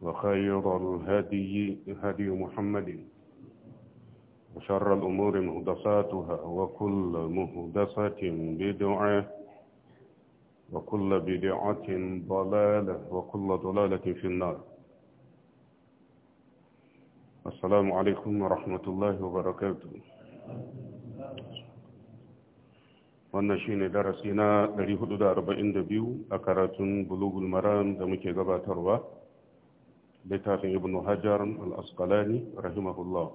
وخير الهدي هدي محمد وشر الأمور مهدساتها وكل مهدسة بدعة وكل بدعة ضلالة وكل ضلالة في النار السلام عليكم ورحمة الله وبركاته wannan shine darasi na 442 a karatun bulugul maram da muke littafin ibn hajar al-asqalani rahimahullah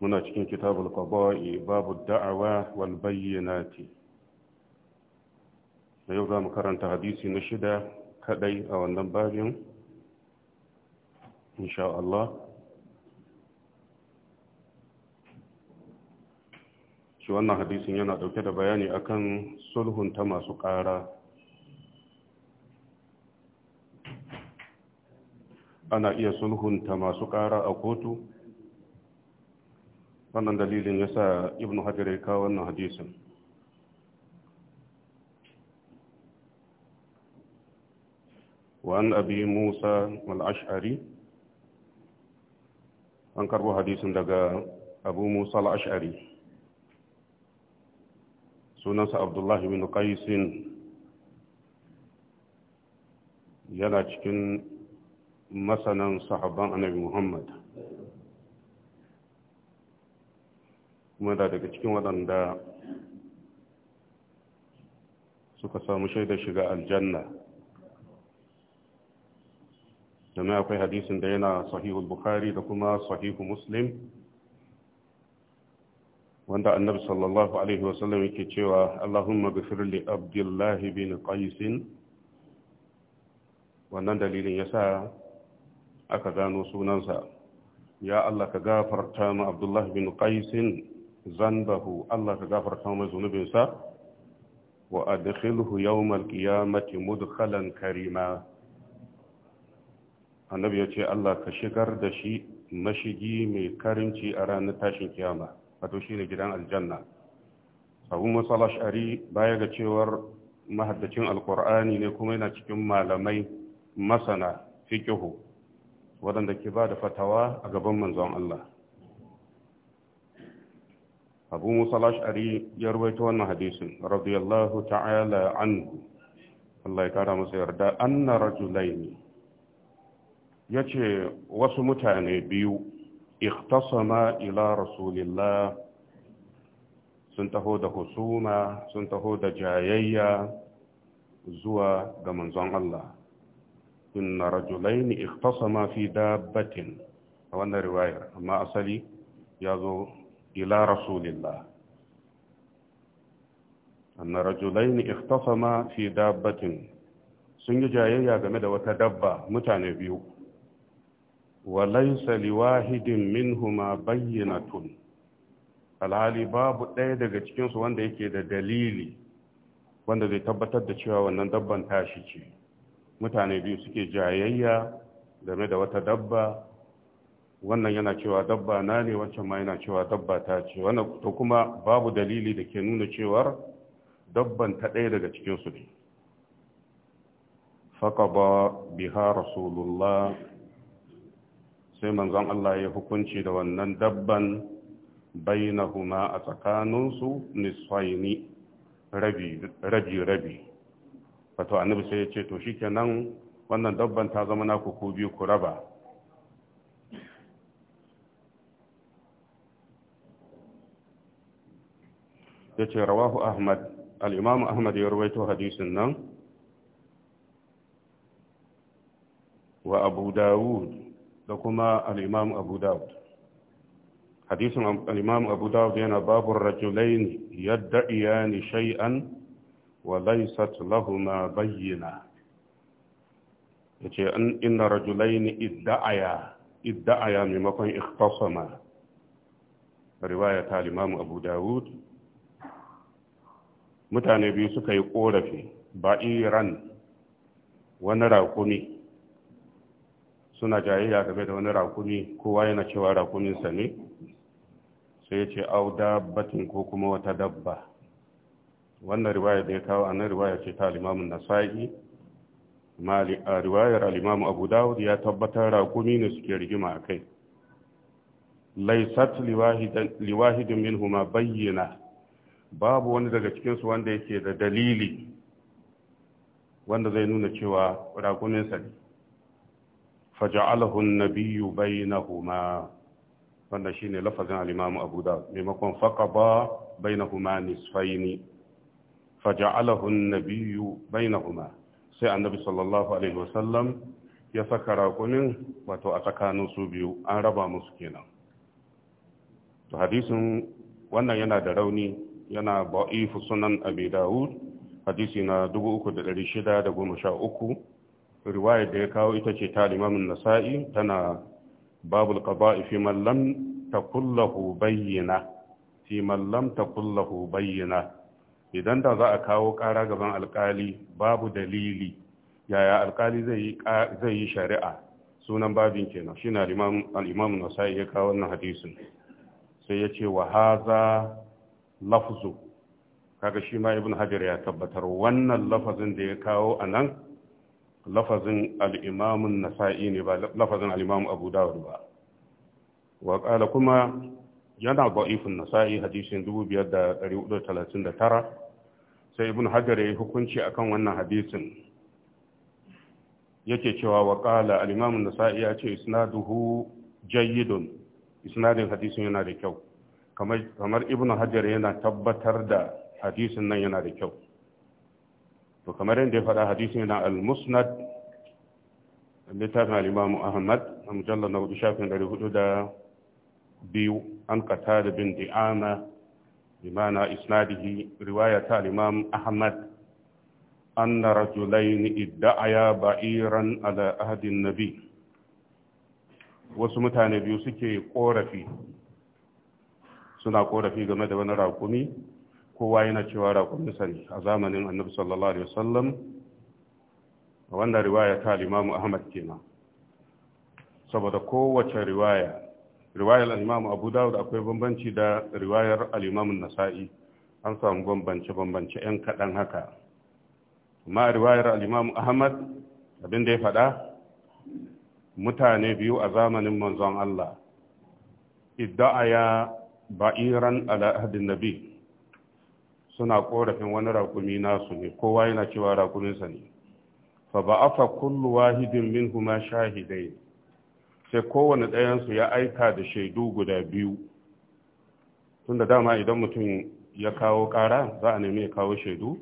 muna cikin kitabul qada'i babu da'awa wal bayyinati yau za mu karanta hadisi na shida kadai a wannan babin insha shi wannan hadisin yana dauke da bayani akan sulhunta masu ƙara ana iya sulhunta masu ƙara a kotu wannan dalilin ya sa ibn hajar ya kawo wannan hadisin abi Musa al الأشعري an karbo hadisin daga abu musa al'ashari sunansa abdullahi bin qaisin yana cikin masanan sahabban annabi Muhammad kuma da daga cikin waɗanda suka samu shaidar shiga aljanna domin akwai hadisin da yana sahihul bukhari da kuma sahihu muslim wanda annabi sallallahu alaihi wasallam yake cewa Allahumma ghafir li abdullahi bin qais wannan dalilin yasa aka gano sunansa ya Allah ka gafarta ma Abdullah bin Qaisin zanbahu Allah ka gafarta ma zunubinsa wa adkhilhu yawmal qiyamati mudkhalan karima annabi ya ce Allah ka shigar da shi mashigi mai karimci a ranar tashin kiyama wato shine gidan aljanna abu musa ash'ari baya ga cewar mahaddacin alkur'ani ne kuma yana cikin malamai masana fiqihu waɗanda ke ba da fatawa a gaban manzon Allah abu musa lashari ya rubaito wannan hadisin radiyallahu ta'ala anhu Allah ya kara masa yarda anna rajulaini ce wasu mutane biyu ikhtasama ila rasulillah sun taho da husuma sun taho da jayayya zuwa ga manzon Allah inna rajulaini ikhtasama fi dabbatin a wannan riwayar amma asali ya zo ila rasulillah anna rajulaini ikhtasama fi dabbatin sun yi jayayya game da wata dabba mutane biyu wa laysa liwahidin minhuma tun, alhali babu ɗaya daga cikinsu wanda yake da dalili wanda zai tabbatar da cewa wannan dabban tashi ce mutane biyu suke jayayya game da wata dabba wannan yana cewa dabba na ne wancan ma yana cewa dabba ta ce wannan to kuma babu dalili da ke nuna cewar dabban ta ɗaya daga cikinsu ne faƙaba biha rasulullah sai manzon Allah ya hukunci da wannan dabban bainahuma a tsakaninsu nisfaini rabi-rabi wato annabi sai ya ce to shikenan wannan dabban ta zama naku ku biyu ku raba ya ce rawahu ahmad al'imamu ahmad ya ruwaito hadisin nan wa abu dawud da kuma al'imamu abu dawud hadisin al'imamu abu dawud yana babun rajulain yadda iyani shai'an. wa laysat lahuma bayyina yace an inna rajulaini idda'aya idda'aya maimakon ikhtasama riwaya ta Imam Abu Dawud mutane biyu suka yi ƙorafi. ba iran wani rakumi suna jayayya game da wani rakumi kowa yana cewa rakuminsa ne sai ya ce au dabbatin ko kuma wata dabba wannan riwaya da ya kawo annan riwaya ce ta limamin nasa'i riwayar alimamu abu dawud ya tabbatar rakumi ne suke rigima a kai laisat liwahidin min huma bayyana babu wani daga cikinsu wanda yake da dalili wanda zai nuna cewa sa ne faja'alahun nabiyu Wanda wannan ne lafazin alimamu abu dawud maimakon faƙa ba huma nisfaini faja'alahu Nabiyu nabiyyu bainahuma sai annabi sallallahu alaihi wasallam ya saka raƙumin, wato a tsakanin su biyu an raba musu kenan to hadisin wannan yana da rauni yana ba'ifu sunan abi dawud hadisi na 3613 riwayar da ya kawo ita ce ta limamin nasa'i tana babul qada'i fi man lam takullahu bayyana fi bayyana idan da za a kawo ƙara gaban alkali babu dalili yaya alkali zai yi shari'a sunan babin kenan shi na al'imam nasa'i ya kawo wannan hadisin sai ya ce wa haza lafzu kaga shi ma ibn hajar ya tabbatar wannan lafazin da ya kawo a nan lafazin al'imamun nasa'i ne ba lafazin al'imamun abu dawud ba wa ƙala kuma yana ba'ifin nasa'i hadisin 5,439 sai ibn hajar ya yi hukunci a kan wannan hadisin yake cewa wa ƙala al da sa'i ya ce isnaduhu jayyidun isnadin hadisin yana da kyau kamar ibn hajar yana tabbatar da hadisin nan yana da kyau to kamar yadda ya faɗa hadisin yana al-musnad littafin al ahmad a mujallar na hudu shafin 402 an kata da bin di'ana بمعنى إسناده رواية الإمام أحمد أن رجلين ادعيا بعيرا على أهد النبي wasu mutane biyu suke korafi suna korafi game da wani raƙumi kowa yana cewa raƙuminsa ne a zamanin annabi sallallahu alaihi wasallam wannan riwaya ta limamu ahmad kenan saboda kowace riwaya riwayar alimamu imam abu dawud akwai bambanci da riwayar al nasa'i an samu bambance bambance yan kaɗan haka amma riwayar alimamu ahmad abin da ya faɗa mutane biyu a zamanin manzon Allah ya ba'iran al'adun nabi suna ƙorafin wani rakumi nasu ne kowa yana cewa rakuminsa ne fa ba'afa kullu wahidin huma shahidai sai kowane ɗayansu ya aika da shaidu guda biyu tun da dama idan mutum ya kawo ƙara za a nemi ya kawo shaidu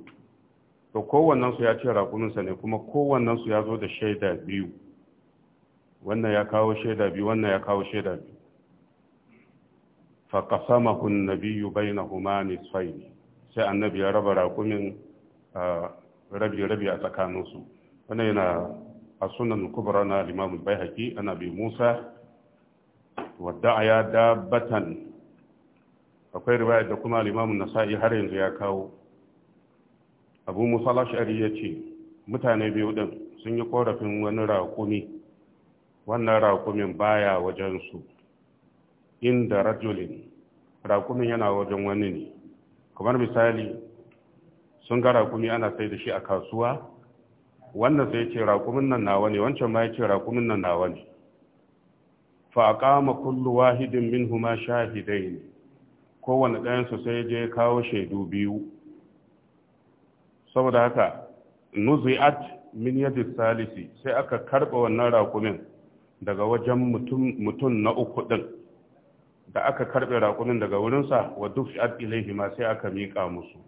to kowannensu ya ce raƙuminsa ne kuma kowannensu ya zo da shaida biyu wannan ya kawo shaida biyu wannan ya kawo shaida biyu na bai na humani nisfaini sai annabi ya raba raƙumin ah, rabi-rabi a tsakaninsu wannan yana السنن الكبرى الإمام البيهقي أنا أبي موسى ودعيا دابة akwai riwaya da kuma na nasa'i har yanzu ya kawo abu musa lashari ce mutane biyu din sun yi korafin wani raƙumi wannan raƙumin baya wajensu inda rajulin raƙumin yana wajen wani ne kamar misali sun ga raƙumi ana sai da shi a kasuwa wannan sai ce raƙumin nan nawa ne wancan ma ya ce raƙumin nan nawa ne fa aqama kullu wahidin minhuma shahidain kowanne ɗayan su sai je kawo shaidu biyu saboda haka nuzi'at min yadi salisi sai aka karɓa wannan raƙumin daga wajen mutum na uku ɗin da aka karɓe raƙumin daga wurinsa wa duk fi'ad ilaihima sai aka miƙa musu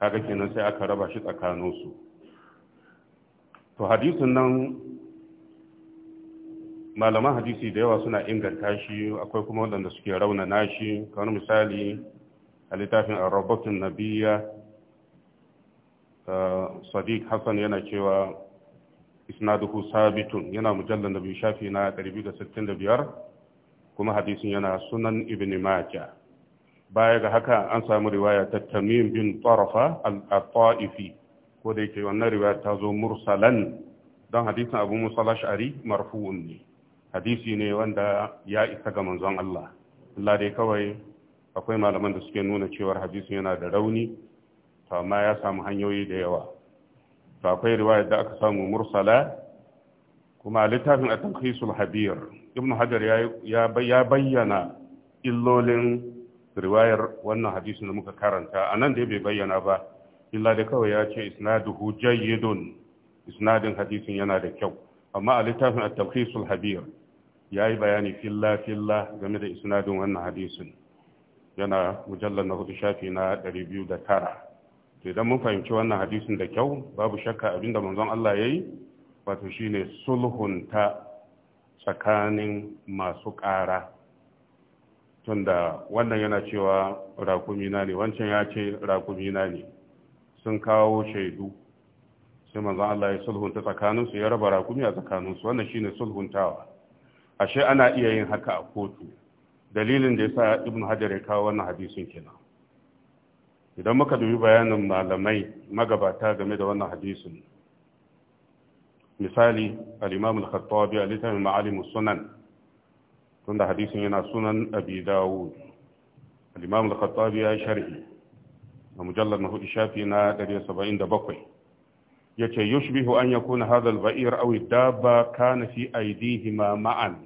kaga kenan sai aka raba shi tsakaninsu to hadisin nan malaman hadisi da yawa suna inganta shi akwai kuma waɗanda suke rauna shi kamar misali a littafin Bakin nabiya eh, sadiq hassan yana cewa isnaduhu sabitun yana mujallar nabi shafi na 265 kuma hadisin yana sunan ibn maja baya ga haka an samu riwaya ta tamim bin tarafa al-ta'ifi ko da yake wannan riwayar ta zo mursalan don hadisin abu musa shari marfu'un ne hadisi ne wanda ya isa ga manzon Allah Allah dai kawai akwai malaman da suke nuna cewar hadisin yana da rauni to amma ya samu hanyoyi da yawa to akwai riwayar da aka samu mursala kuma littafin a tankisul habir ibn hajar ya bayyana illolin riwayar wannan hadisin da muka karanta a nan dai bai bayyana ba illa da kawai ya ce isnaduhu jayyidun isnadin hadisin yana da kyau amma a littafin at-talkhisul habir yayi bayani filla filla game da isnadin wannan hadisin yana mujallar na hudu shafi na 209 to idan mun fahimci wannan hadisin da kyau babu shakka abinda manzon Allah yayi wato shine sulhun ta tsakanin masu ƙara tunda wannan yana cewa rakumina ne wancan ya ce rakumina ne sun kawo shaidu sai manzon Allah ya sulhunta tsakaninsu ya raba rakumi a tsakaninsu wannan shine sulhuntawa ashe ana iya yin haka a kotu dalilin da yasa ibn hajar ya kawo wannan hadisin kenan idan muka dubi bayanin malamai magabata game da wannan hadisin misali al-imam al-khattabi a littafin ma'alim sunan tunda hadisin yana sunan abi dawud al-imam al-khattabi ya sharhi a mujallar na hudu shafi na 177 ce yushbihu an yakuna kuna al-ba'ir aw ad kana fi ma ma'an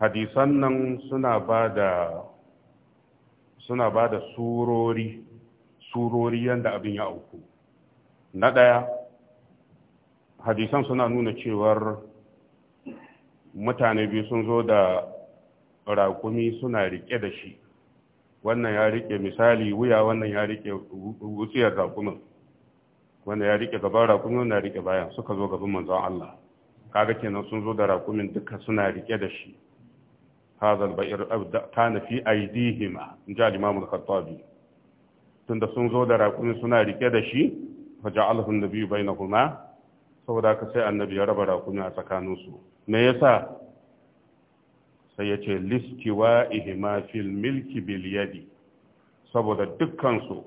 hadisan nan suna bada suna surori surori yanda abin ya auku na ɗaya hadisan suna nuna cewar mutane biyu sun zo da raƙumi suna rike da shi wannan ya rike misali wuya wannan ya rike wuciyar rakumin wanda ya rike gaban rakumin wanda ya rike bayan suka zo gaban manzon Allah kaga kenan sun zo da rakumin duka suna rike da shi hazal ba'ir kana fi aidihima in ji al-imam al-khattabi tunda sun zo da rakumin suna rike da shi fa ja'alahu an-nabi bainahuma saboda ka sai annabi ya raba rakumin a tsakaninsu me yasa sai ya ce listiwa ihima fil milki bil yadi saboda dukkansu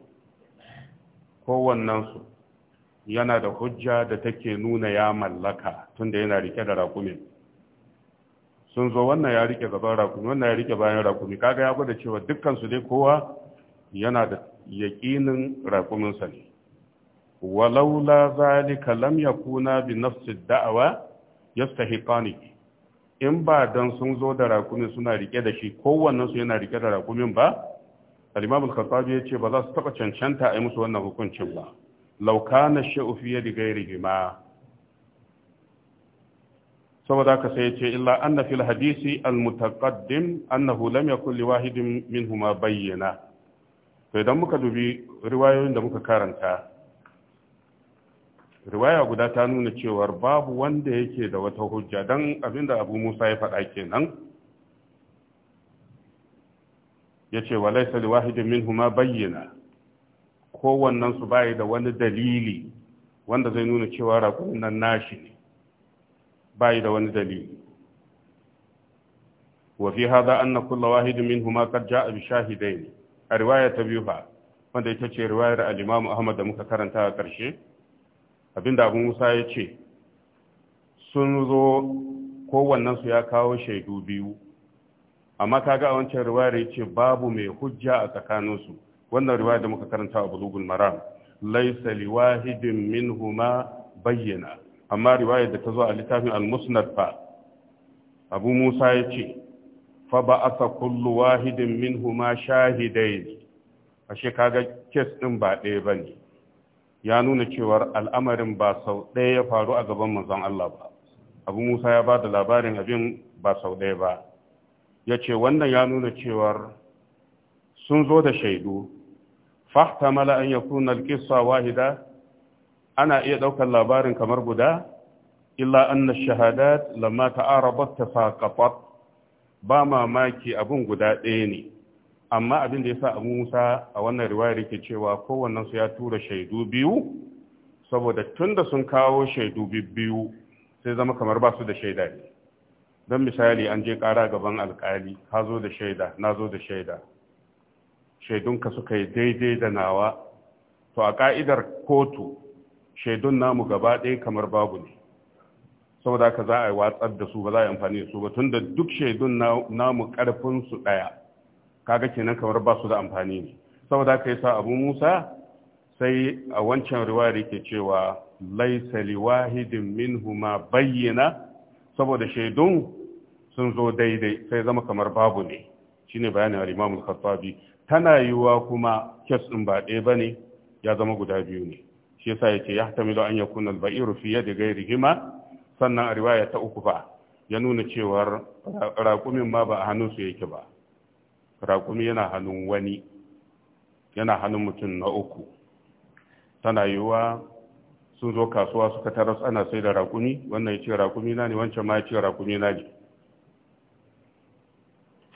kowannensu yana da hujja da take nuna ya mallaka tunda yana rike da rakumin sun zo wannan ya rike gaban rakumi wannan ya rike bayan rakumi kaga ya gwada cewa dukkansu dai kowa yana da yaƙinin rakuminsa ne walaula zalika lam yakuna bi nafsi da'awa yastahiqani in ba don sun zo da rakumin suna rike da shi kowannen su yana rike da rakumin ba al-imam al-khattabi yace ba za su taba cancanta a yi musu wannan hukuncin ba law kana shay'u fi yadi ghayrihima saboda ka sai yace illa anna fil hadisi al-mutaqaddim annahu lam yakul li wahidin minhuma bayyana to idan muka dubi riwayoyin da muka karanta riwaya guda ta nuna cewar babu wanda yake da wata hujja don abinda abu musa ya faɗa kenan ya ce wa laisa liwahidin minhu ma bayyana kowannen su bayi da wani dalili wanda zai nuna cewa rakumin nan nashi ne bayi da wani dalili wa fi na anna wahidin wahid minhuma qad jaa bi shahidayn a riwaya ta biyu fa wanda ita ce riwayar al-Imam Ahmad da muka karanta a ƙarshe abinda abin musa ya ce sun zo su ya kawo shaidu biyu amma kaga a wancan riwayar ya ce babu mai hujja a tsakaninsu wannan riwayar da muka karanta a bulugun maram laisa liwahidin minhuma bayyana amma riwayar da ta zo a littafin al-musnad fa abu musa ya ce fa ba sa kullu wahidin minhuma shahidai ashe kaga kes din ba ɗaya bane ya nuna cewar al'amarin ba sau ɗaya ya faru a gaban manzon Allah ba abu musa ya ba da labarin abin ba sau ɗaya ba ya ce wannan ya nuna cewar sun zo da shaidu fahta mala an ya kuna wahida ana iya ɗaukar labarin kamar guda illa anna shahadat lamma ta'arabat tafaqat ba mamaki abun guda ɗaya ne amma abin da ya sa abu musa a wannan riwayar yake cewa su ya tura shaidu biyu saboda tun da sun kawo shaidu biyu sai zama kamar ba su da shaida ne don misali an je kara gaban alkali ka zo da shaida na zo da shaida shaidunka suka yi daidai da nawa to a ƙa'idar kotu shaidun namu gaba ɗaya kamar babu ne saboda haka za a yi watsar da su ba za a yi amfani da su ba tun da duk shaidun namu su ɗaya kaga kenan kamar ba su da amfani ne saboda yi sa abu musa sai a wancan riwayar yake cewa laisa liwahidin minhuma bayyana saboda shaidun sun zo daidai sai zama kamar babu ne shine bayanin al-Imam al-Khattabi tana yiwuwa kuma kes ɗin ba ɗaya bane ya zama guda biyu ne shi yasa yace yahtamilu an yakuna al-ba'iru fi yadi ghayrihima sannan a riwaya ta uku fa ya nuna cewar raƙumin ma ba a hannun su yake ba raƙumi yana hannun wani yana hannun mutum na uku tana yiwuwa sun zo kasuwa suka taras ana sai da raƙumi wannan ya ce raƙumi na ne wancan ma ya ce raƙumi na ne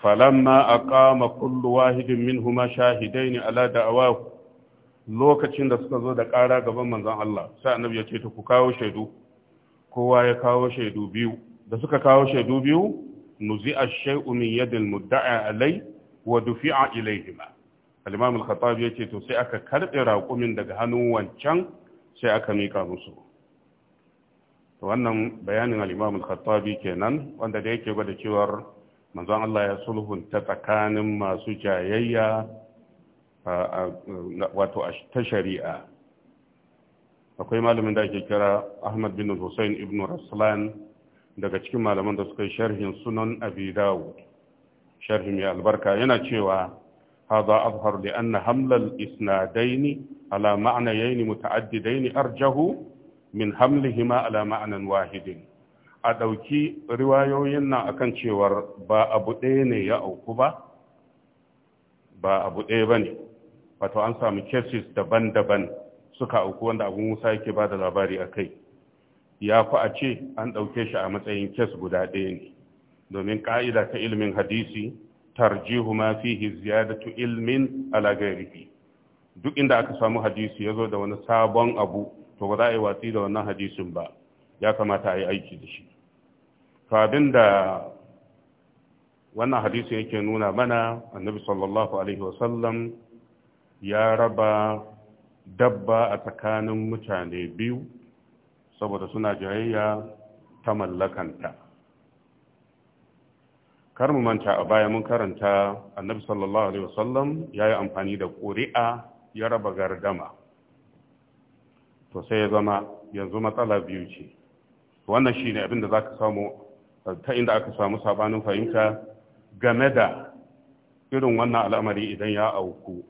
falamma aqama kullu wahidin minhuma ne ala da awa lokacin da suka zo da ƙara gaban manzan Allah sai annabi ya ce ta ku kawo shaidu kowa ya kawo shaidu biyu da suka kawo shaidu biyu nuzi ash min yadil mudda'a alai wa dufi'a ilaihima al-imam al-khattabi yace to sai aka karbe raƙumin daga hannun wancan sai aka mika musu to wannan bayanin al-imam al-khattabi kenan wanda da yake gwada cewar manzon Allah ya sulhunta tsakanin masu jayayya wato ta shari'a akwai malamin da ake kira Ahmad bin Hussein ibn Raslan daga cikin malaman da suka yi sharhin sunan Abi Dawud sharhi mai albarka yana cewa haza azhar li anna hamlal isnadaini ala ma'nayayn ni arjahu min hamlihima ala ma'nan wahidin a ɗauki riwayoyin nan akan cewar ba abu ɗaya ne ya auku ba ba abu ɗaya bane. wato an samu cases daban-daban suka auku wanda abun musa yake ba da labari a kai ya fi a ce an ɗauke shi a matsayin kes guda ɗaya ne domin ka'ida ta ilmin hadisi tarjihu ma fihi ziyadatu ilmin ala ghairihi duk inda aka samu hadisi ya zo da wani sabon abu to ba za a yi watsi da wannan hadisin ba ya kamata a yi aiki da shi to abin da wannan hadisin yake nuna mana annabi sallallahu alaihi wasallam ya raba dabba a tsakanin mutane biyu saboda suna jayayya ta mallakanta kar mu manta a baya mun karanta annabi sallallahu alaihi wasallam ya yi amfani da ƙuri'a ya raba gardama to sai ya zama yanzu matsala biyu ce wannan shine abin da zaka samu ta inda aka samu sabanin fahimta game da irin wannan al'amari idan ya auku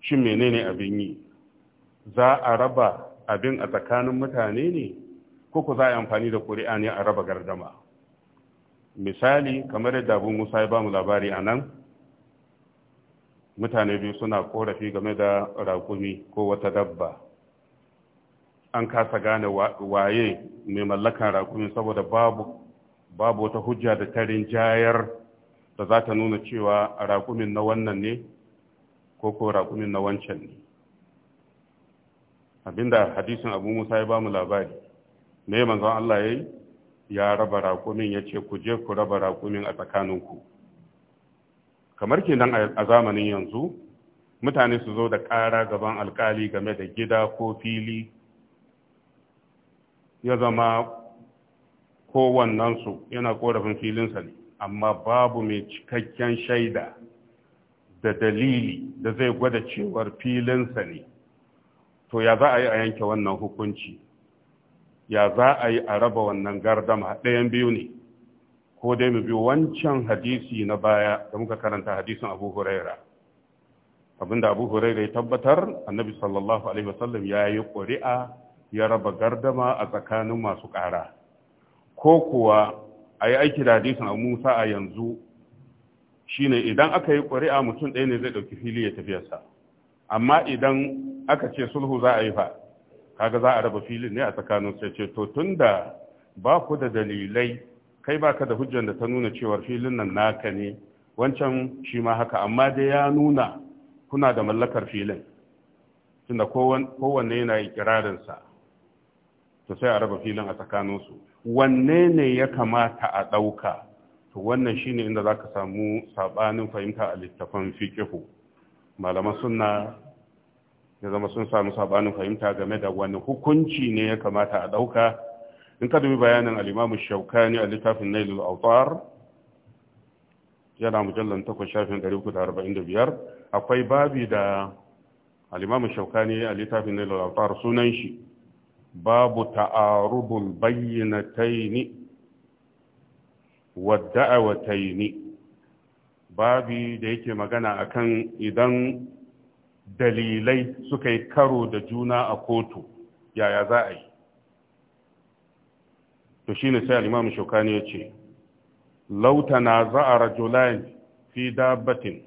shin menene abin yi za a raba abin a tsakanin mutane ne ko ku za a yi amfani da ƙuri'a ne a raba gardama misali kamar yadda abu musa ya ba mu labari a nan mutane biyu suna korafi game da raƙumi ko wata dabba an kasa gane waye mai mallakan raƙumi saboda babu babu wata hujja da tarin jayar da za ta nuna cewa raƙumin na wannan ne ko ko raƙumin na wancan ne abinda hadisin abu musa ya bamu labari me manzon Allah ya yi ya raba raƙumin ya ce ku je ku raba raƙumin a tsakaninku kamar kenan a zamanin yanzu mutane su zo da ƙara gaban alkali game da gida ko fili ya zama kowannensu yana korafin filinsa ne amma babu mai cikakken shaida da dalili da zai gwada cewar filinsa ne to ya za a yi a yanke wannan hukunci ya za a yi a raba wannan gardama ɗayan biyu ne ko dai mu bi wancan hadisi na baya da muka karanta hadisin abu huraira abinda abu huraira ya tabbatar annabi sallallahu alaihi wasallam ya yi ƙuri'a ya raba gardama a tsakanin masu ƙara ko kuwa a yi aiki da hadisin a musa a yanzu shine idan aka yi ƙuri'a mutum ɗaya ne zai ɗauki fili ya tafiyarsa amma idan aka ce sulhu za a yi fa kaga za a raba filin ne a tsakanin sai ce to tunda ba ku da dalilai kai ba ka da hujjar da ta nuna cewar filin nan naka ne wancan shi ma haka amma dai ya nuna kuna da mallakar filin tunda kowanne yana kirarinsa, to sai a raba filin a tsakaninsu wanne ne ya kamata a ɗauka to wannan shine inda za ka samu saɓanin fahimta a littafan fiƙihu malaman sunna ya zama sun samu sabanin fahimta game da wani hukunci ne ya kamata a ɗauka in ka dubi bayanin al'imamu shaukani a littafin nailul autar yana mujallar takwas shafin 345 akwai babi da al'imamu ne a littafin nailul autar sunan shi babu ta'arubul bayyinataini taini. babi da yake magana akan idan dalilai suka yi karo da juna a kotu yaya za a yi to shi ne sai al shokani ya ce lautana za a rajulayen fi dabbatin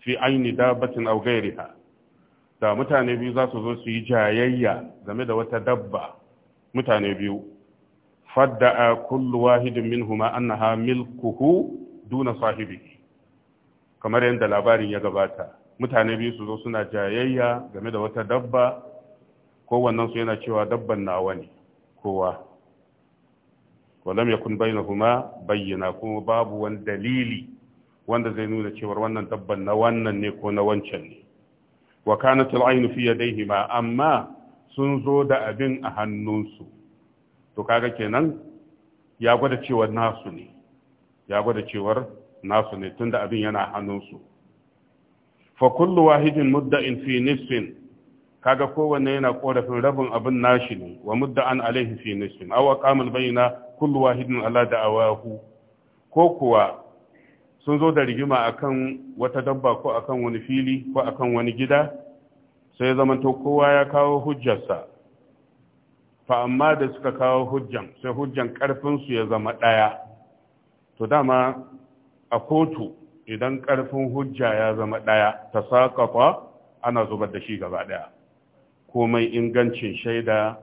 fi aini dabbatin au gairiha da mutane biyu za su zo su yi jayayya game da wata dabba mutane biyu Fadda a kullu wahidin minhuma annaha milkuhu duna sahibi kamar yadda labarin ya gabata mutane biyu su zo suna jayayya game da wata dabba wannan su yana cewa dabban na wani kowa walam yakun kun bayyana kuma babu wani dalili wanda zai nuna cewar wannan dabban na wannan ne ko na wancan ne wa kanatul aynu fi ma amma sun zo da abin a hannunsu to kaga kenan ya gwada cewar nasu ne ya gwada cewar nasu ne tunda abin yana hannunsu fa kullu wahidin mudda'in fi nisfin kaga kowane yana korafin rabin abin nashi ne wa mudda'an alaihi fi nisfin aw aqamul bayna kullu wahidin ala da'awahu ko kuwa sun zo da rigima akan wata dabba ko akan wani fili ko akan wani gida sai ya zamanto kowa ya kawo hujjarsa fa amma da suka kawo hujjan sai hujjan su ya zama ɗaya to dama a kotu idan ƙarfin hujja ya zama ɗaya ta saƙafa ana zubar da shi gaba ɗaya komai ingancin shaida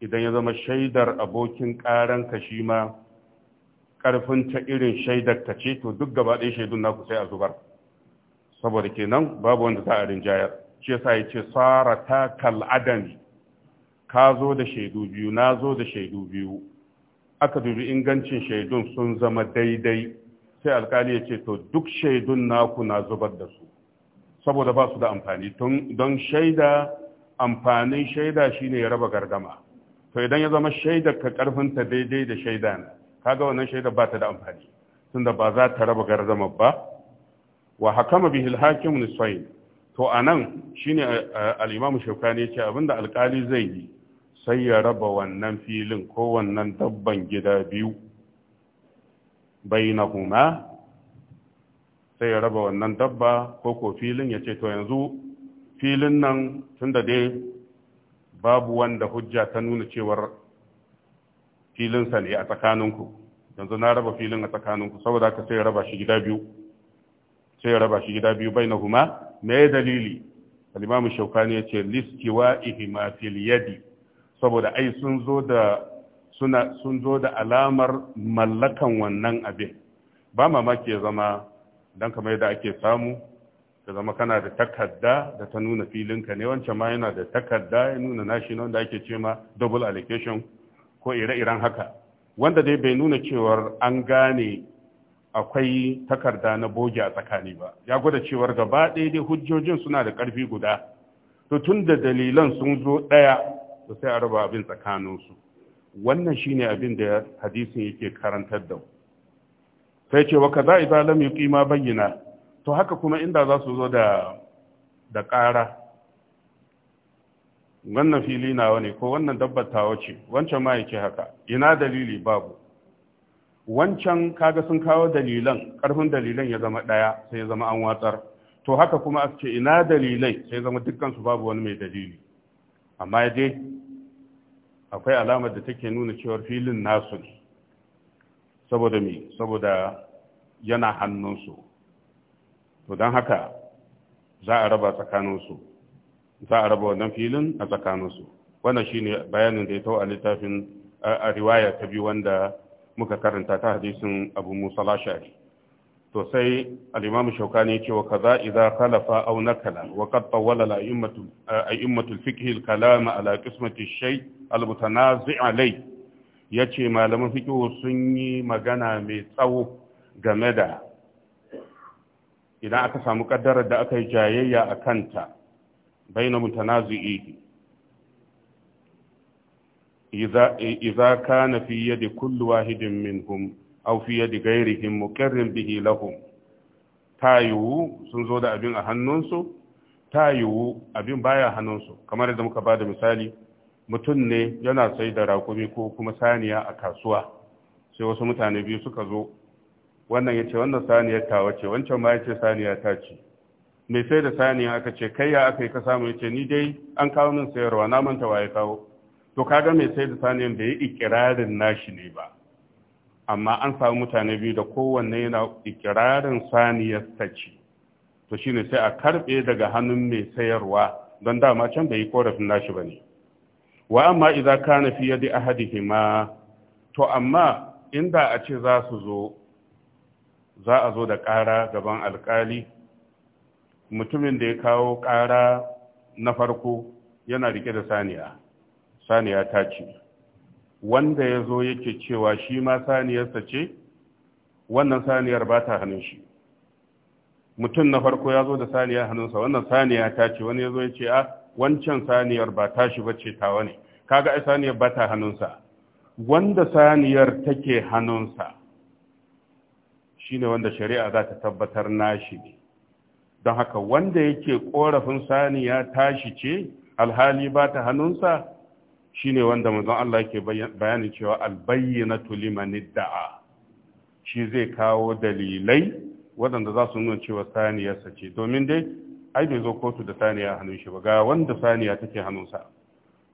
idan ya zama shaidar abokin ƙaranka shi ma ƙarfin ta irin shaidar ta ce to duk gaba ɗaya shaidun naku sai a zubar saboda kenan babu wanda za a rinjayar ce sa ya ce tsara ta kal'adami ka zo da shaidu biyu na zo da shaidu biyu aka dubi ingancin shaidun sun zama daidai sai alkali ya ce to duk shaidun naku na zubar da su saboda ba su da amfani don shaida amfanin shaida shine ya raba gardama to idan ya zama shaida ka karfinta daidai da shaida na kaga wannan shaida ba ta da amfani tunda ba za ta raba gardama ba wa hakama bihi alhakim hakim nisfain to anan shine eh, al-imam shaukani yace abinda alkali zai yi sai ya raba wannan filin ko wannan dabban gida biyu bainahuma sai ya raba wannan dabba ko ko filin ya ce to yanzu filin nan tunda dai babu wanda hujja ta nuna cewar filinsa ne a tsakaninku yanzu na raba filin a tsakaninku saboda haka sai ya raba shi gida biyu sai ya raba shi gida biyu bainahuma me dalili al-imam shaukani yace listiwa ihima fil yadi saboda ai sun zo da suna sun zo da alamar mallakan wannan abin ba mamaki ya zama don kamar yadda ake samu Ka zama kana da takarda da ta nuna filin ka ne wancan ma yana da takarda ya nuna nashi wanda ake ce ma double allocation ko ire-iren haka wanda dai bai nuna cewar an gane akwai takarda na bogi a tsakani ba ya gwada cewar gaba ɗaya dai hujjojin suna da ƙarfi guda to tun da dalilan sun zo ɗaya to sai a raba abin tsakaninsu wannan shine abin da hadisin yake karantar da sai ce wa kaza idza lam yuqima bayyana to haka kuma inda za su zo da ƙara wannan fili nawa ne ko wannan dabbar tawa ce wancan ma yake haka ina dalili babu wancan kaga sun kawo dalilan ƙarfin dalilan ya zama ɗaya sai ya zama an watsar to haka kuma a ce ina dalilai sai ya zama dukkan su babu wani mai dalili amma dai akwai alamar da take nuna cewar filin nasu ne saboda me saboda yana hannunsu to don haka za a raba tsakaninsu za a raba wannan filin a tsakaninsu wannan shi ne bayanin da ya tau a littafin a riwaya ta biyu wanda muka karanta ta hadisin abu musa lashari to sai al shaukani yace wa kaza idza khalafa aw nakala wa qad tawala al-a'immatu al kalam ala shai shay al-mutanazi' ya yace malaman fiqh sun yi magana mai tsawo game da idan aka samu kaddarar da aka yi jayayya a kanta baina mutanazi'i idza idza kana fi yadi kulli wahidin minhum aw fi yadi ghairihim mukarrim bihi lahum tayu sun zo da abin a hannunsu tayu abin baya hannunsu kamar da muka bada misali mutum ne yana sai da rakumi ko kuma saniya a kasuwa sai wasu mutane biyu suka zo wannan ya ce wannan saniyar ta wace, wancan ma ya ce saniya ta ce mai sai da saniya aka ce kai ya aka yi ka samu ya ce ni dai an kawo min sayarwa na manta waye kawo to kaga mai sai da saniyan da ya ikirarin nashi ne ba amma an samu mutane biyu da kowanne yana ikirarin saniyar saci to shine sai a karbe daga hannun mai sayarwa don dama can bai yi korafin nashi ba ne wa amma idan kana fi yadi ahadihima to amma inda a ce za su zo za a zo da ƙara gaban alkali, mutumin da ya kawo ƙara na farko yana rike da saniya saniya ta ce wanda ya zo yake cewa shi ma saniyarsa ce wannan saniyar ba ta hannun shi mutum na farko ya zo da saniyar hannunsa wannan saniya ta ce wani ya zo ya ce a ah, wancan saniyar ba ta shi ba ce tawa ne kaga ai saniyar ba ta hannunsa wanda saniyar take hannunsa shine wanda shari'a za ta tabbatar nashi ne don haka wanda yake korafin saniya tashi ce alhali ba ta hannunsa Shi ne wanda mazan Allah yake bayanin cewa tulima ni da'a shi zai kawo dalilai waɗanda za su nuna cewa saniya ce, domin dai ai bai zo kotu da saniya a hannun shi ba ga wanda saniya take hannunsa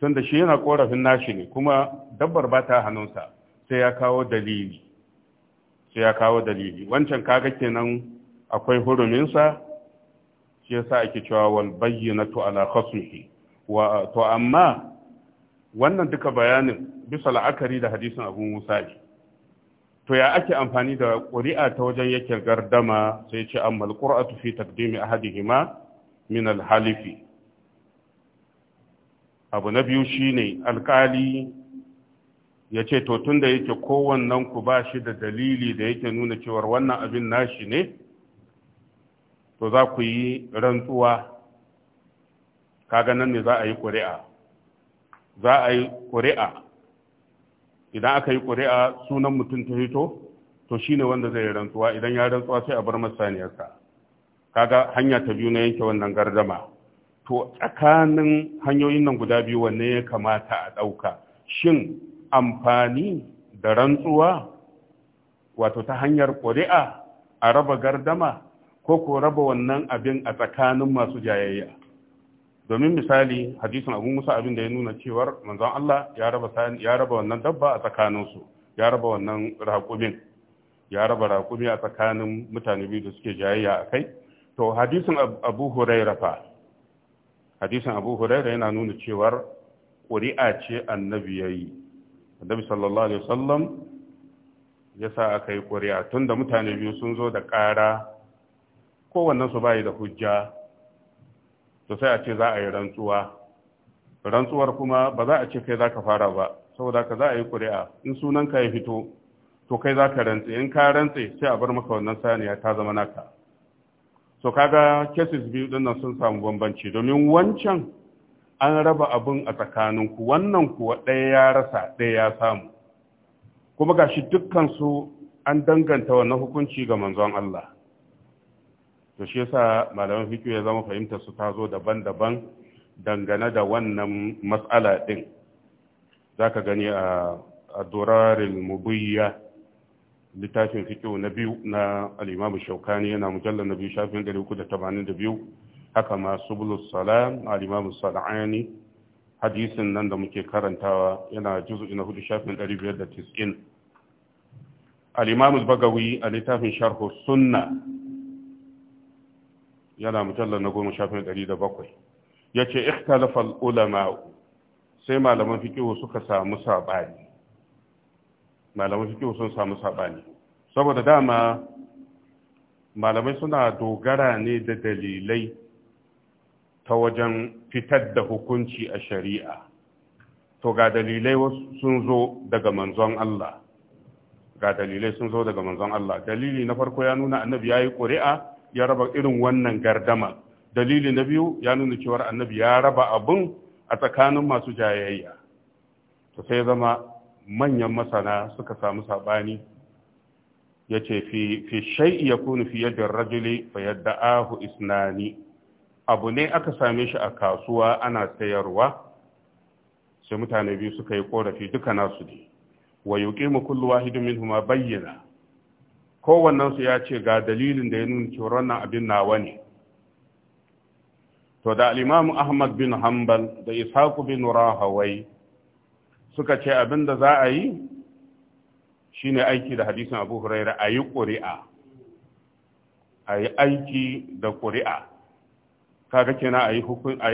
da shi yana korafin nashi ne kuma dabbar ba ta hannunsa sai ya kawo dalili sai ya kawo dalili wancan kaga kenan akwai huruminsa shi yasa ake cewa wal tu ala khasmihi wa to amma wannan duka bayanin bisa la'akari da hadisin abu musa ne to ya ake amfani da ƙuri'a ta wajen yake gardama sai ce amma alqur'atu fi taqdimi ahadihima min alhalifi abu na biyu shine alkali ya ce to tun da yake kowannen ku ba shi da dalili da yake nuna cewar wannan abin nashi ne to za ku yi rantsuwa kaga nan ne za a yi ƙuri'a za a yi ƙuri'a idan aka yi ƙuri'a sunan mutum ta hito to ne wanda zai rantsuwa idan ya rantsuwa sai a bar masaniyarsa kaga hanya ta biyu na yanke wannan gardama to tsakanin hanyoyin nan guda biyu wanne ya kamata a ɗauka shin amfani da rantsuwa wato ta hanyar ƙuri'a a raba gardama ko ko raba wannan abin a tsakanin masu jayayya domin misali hadisin abu musa abin da ya nuna cewar manzon Allah ya raba wannan dabba a tsakaninsu ya raba wannan raƙumin ya raba a tsakanin mutane biyu da suke jayayya a kai to hadisin abu huraira fa hadisin abu huraira yana nuna cewar ƙuri'a ce annabi ya yi annabi sallallahu alaihi wasallam ya sa aka yi ƙuri'a tun da mutane biyu sun zo da ƙara kowannensu bayi da hujja to sai a ce za a yi rantsuwa rantsuwar kuma ba za a ce kai za ka fara ba saboda ka za a yi ƙuri'a in sunan ka ya fito to kai za ka rantse in ka rantse sai a bar maka wannan saniya ta zama naka so kaga cases biyu din nan sun samu bambanci domin wancan an raba abin a ku wannan kuwa ɗaya ya rasa ɗaya ya samu kuma gashi dukkan su an danganta wannan hukunci ga manzon Allah to shi yasa malaman fiqh ya zama fahimtar su ta zo daban-daban dangane da wannan matsala din zaka gani a adurarin mubiyya littafin fiqh na biyu na al-Imam shaukani yana mujallal na biyu shafin 382 haka ma subulus salam al-Imam Sal'ani hadisin nan da muke karantawa yana juz'u na hudu shafin 590 al-Imam bagawi a littafin sharh sunna yana mujallar na goma shafin ɗari da bakwai ya ce ikhtalafal ulama sai malaman fikihu suka samu saɓani malaman fikihu sun samu saɓani saboda dama malamai suna dogara ne da dalilai ta wajen fitar da hukunci a shari'a to ga dalilai sun zo daga manzon Allah ga dalilai sun zo daga manzon Allah dalili na farko ya nuna annabi yayi ƙuri'a ya raba irin wannan gardama dalili na biyu ya nuna cewar annabi ya raba abun a tsakanin masu jayayya to sai zama manyan masana suka samu sabani ya ce fi shai'i ya kunu fi yadda rajuli fa yadda ahu isnani abu ne aka same shi a kasuwa ana sayarwa sai mutane biyu suka yi korafi duka nasu ne wa yuqimu kullu wahidin bayyana kowannensu ya ce ga dalilin da ya nuna cewar wannan abin nawa ne to da al'imamu ahmad bin hanbal da ishaku bin rahawai suka ce abin da za a yi shi ne aiki da hadisun abu huraira a yi ƙuri'a a yi aiki da ƙuri'a kaga kenan a yi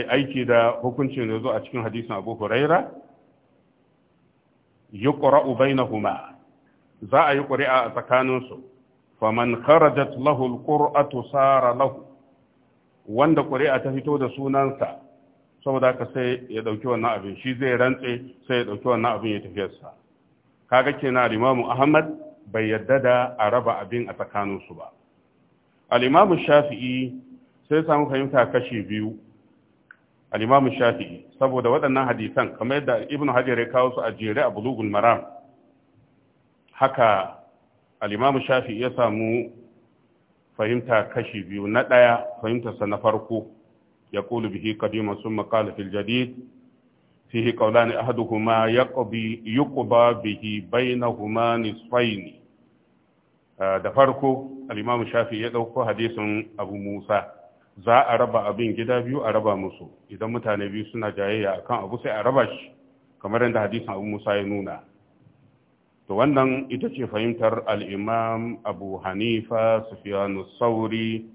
aiki da hukuncin da zo a cikin hadisun abu huraira yi ƙura'u bai na huma za a yi ƙuri'a a tsakaninsu faman kharajat lahu alqur'atu lahu wanda ƙuri'a ta fito da sunansa saboda haka sai ya ɗauki wannan abin shi zai rantse sai ya ɗauki wannan abin ya tafiyarsa kaga kenan Imam Ahmad bai yarda da a raba abin a tsakaninsu ba al Shafi'i sai samu fahimta kashi biyu al Shafi'i saboda waɗannan hadisan kamar yadda Ibn Hajar ya kawo su a jere a Bulughul Maram haka al'imamu shafi ya samu fahimta kashi biyu na ɗaya fahimtarsa na farko ya kulu bihi kadima sun makala fil jadid fihi kaulani ahaduhuma yuqba bihi bai na bainahuma nisfaini ah, da farko al'imamu shafi ya ɗauko hadisin abu musa za a raba abin gida biyu a raba musu idan mutane biyu suna jayayya akan abu sai a raba shi kamar yadda hadisin abu musa ya nuna to wannan ita ce fahimtar al'imam abu hanifa sufiyanu sauri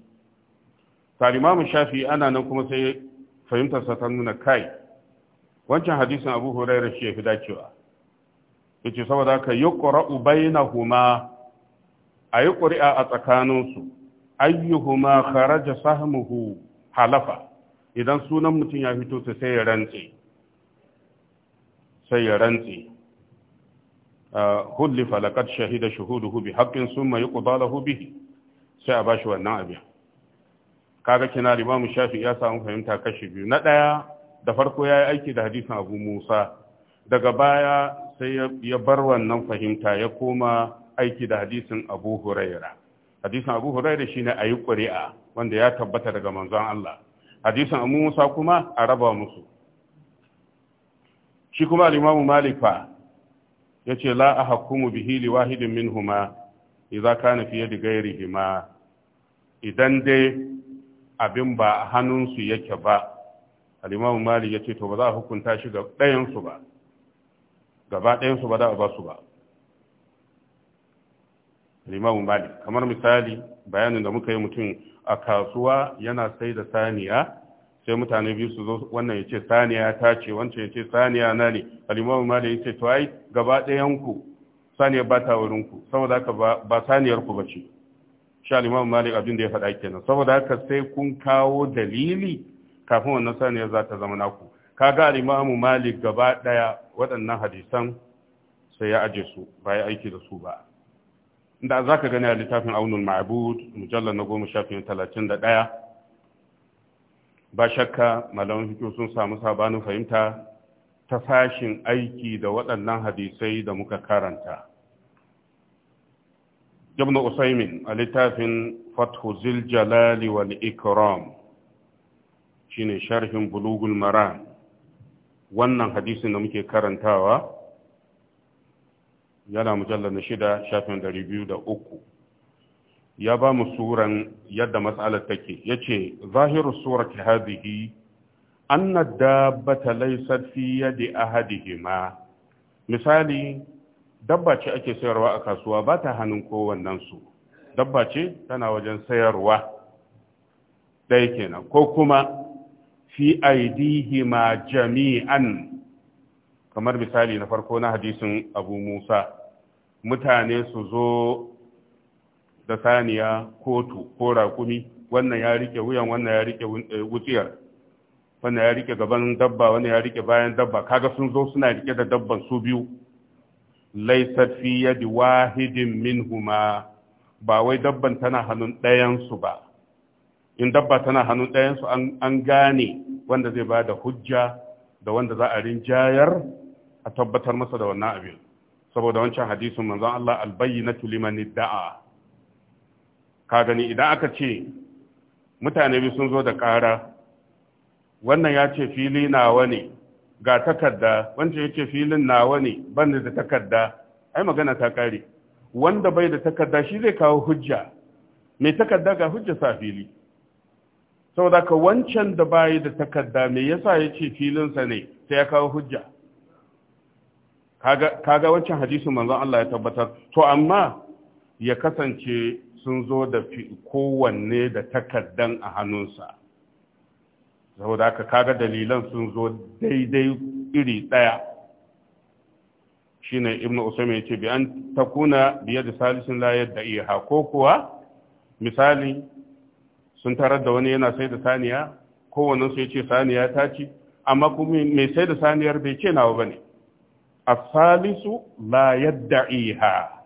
talimamu shafi ana nan kuma sai fahimtarsa ta nuna kai wancan hadisin abu huraira shi ya fi dacewa ya ce saboda ka yi ƙura'u huma a yi ƙuri'a a tsakaninsu ayyuhuma kharaja sahmuhu halafa idan sunan mutum ya fito sai ya rantse sai ya rantse hullifa laqad shahida shuhuduhu bi haqqin summa yuqda lahu bihi sai a bashi wannan abin kaga kina mu Shafi ya samu fahimta kashi biyu na ɗaya da farko ya yi aiki da hadisin Abu Musa daga baya sai ya bar wannan fahimta ya koma aiki da hadisin Abu Huraira hadisin Abu Huraira shine ayi ƙuri'a wanda ya tabbata daga manzon Allah hadisin Abu Musa kuma a raba musu shi kuma al-Imam Malik fa ya ce la a hakumu bihi li wahidin min huma idza kana fi yadi ghairihima idan dai abin ba a hannunsu yake ba al mali ya ce to ba za a hukunta shi ga ɗayansu ba gaba ɗayansu ba za a ba su ba al mali kamar misali bayanin da muka yi mutum a kasuwa yana sai da saniya sai mutane biyu su zo wannan ya ce saniya ta ce wancan ya ce saniya na ne alimamu ma da ya ce to ai gaba ɗayanku saniyar ba ta ku saboda haka ba saniyar ku ba ce shi alimamu da abin da ya faɗa kenan saboda haka sai kun kawo dalili kafin wannan saniyar za ta zama naku kaga alimamu malik gaba ɗaya waɗannan hadisan sai ya aje su ba ya aiki da su ba da za ka gani a littafin aunul ma'abud mujallar na goma shafin talatin da ɗaya ba shakka malaman hito sun samu sabanin fahimta ta fashin aiki da waɗannan hadisai da muka karanta ibn usaimin a littafin fathu zil jalali wal ikram ne sharhin bulugul Maran. wannan hadisin da muke karantawa yana mujallar na shida shafin uku. ya ba mu suran yadda matsalar take ya ce zahirar surar ta hadihi an na dabbata laisar fi yadda ahadihima misali dabba ce ake sayarwa a kasuwa ba ta hannun kowannensu dabba ce tana wajen sayarwa ɗaya kenan ko kuma fi aidihima jami'an kamar misali na farko na hadisin abu musa mutane su zo ta saniya kotu ko rakumi wannan ya rike wuyan wannan ya rike eh, wutsiyar wannan ya rike gaban dabba wannan ya rike bayan dabba kaga sun zo suna rike da dabban su biyu laysat fi yadi wahidin minhuma ba wai dabban tana hannun ɗayan su ba in dabba tana hannun ɗayan su an gane wanda zai ba da hujja da wanda za a rinjayar a tabbatar masa da wannan abin saboda wancan hadisin manzon Allah albayyinatu liman da'a ka gani idan aka ce mutane bi sun zo da ƙara wannan ya ce fili nawa ne ga takarda wanda ya ce filin nawa ne ban da takarda ai magana ta ƙare wanda bai da takarda shi zai kawo hujja mai takarda ga hujja sa fili saboda ka wancan da bai da takarda mai yasa ya ce filinsa ne sai ya kawo hujja kaga wancan hadisin manzon Allah ya tabbatar to amma ya kasance sun zo da kowanne da takardan a hannunsa saboda haka kaga dalilan sun zo daidai iri ɗaya shine ibn ya ce, bi an takuna da salisun layar da iya ko kuwa misali sun tarar da wani yana sai da saniya kowannen su ce saniya ta ci amma kuma mai sai da saniyar bai ce nawa bane A salisu la yad'iha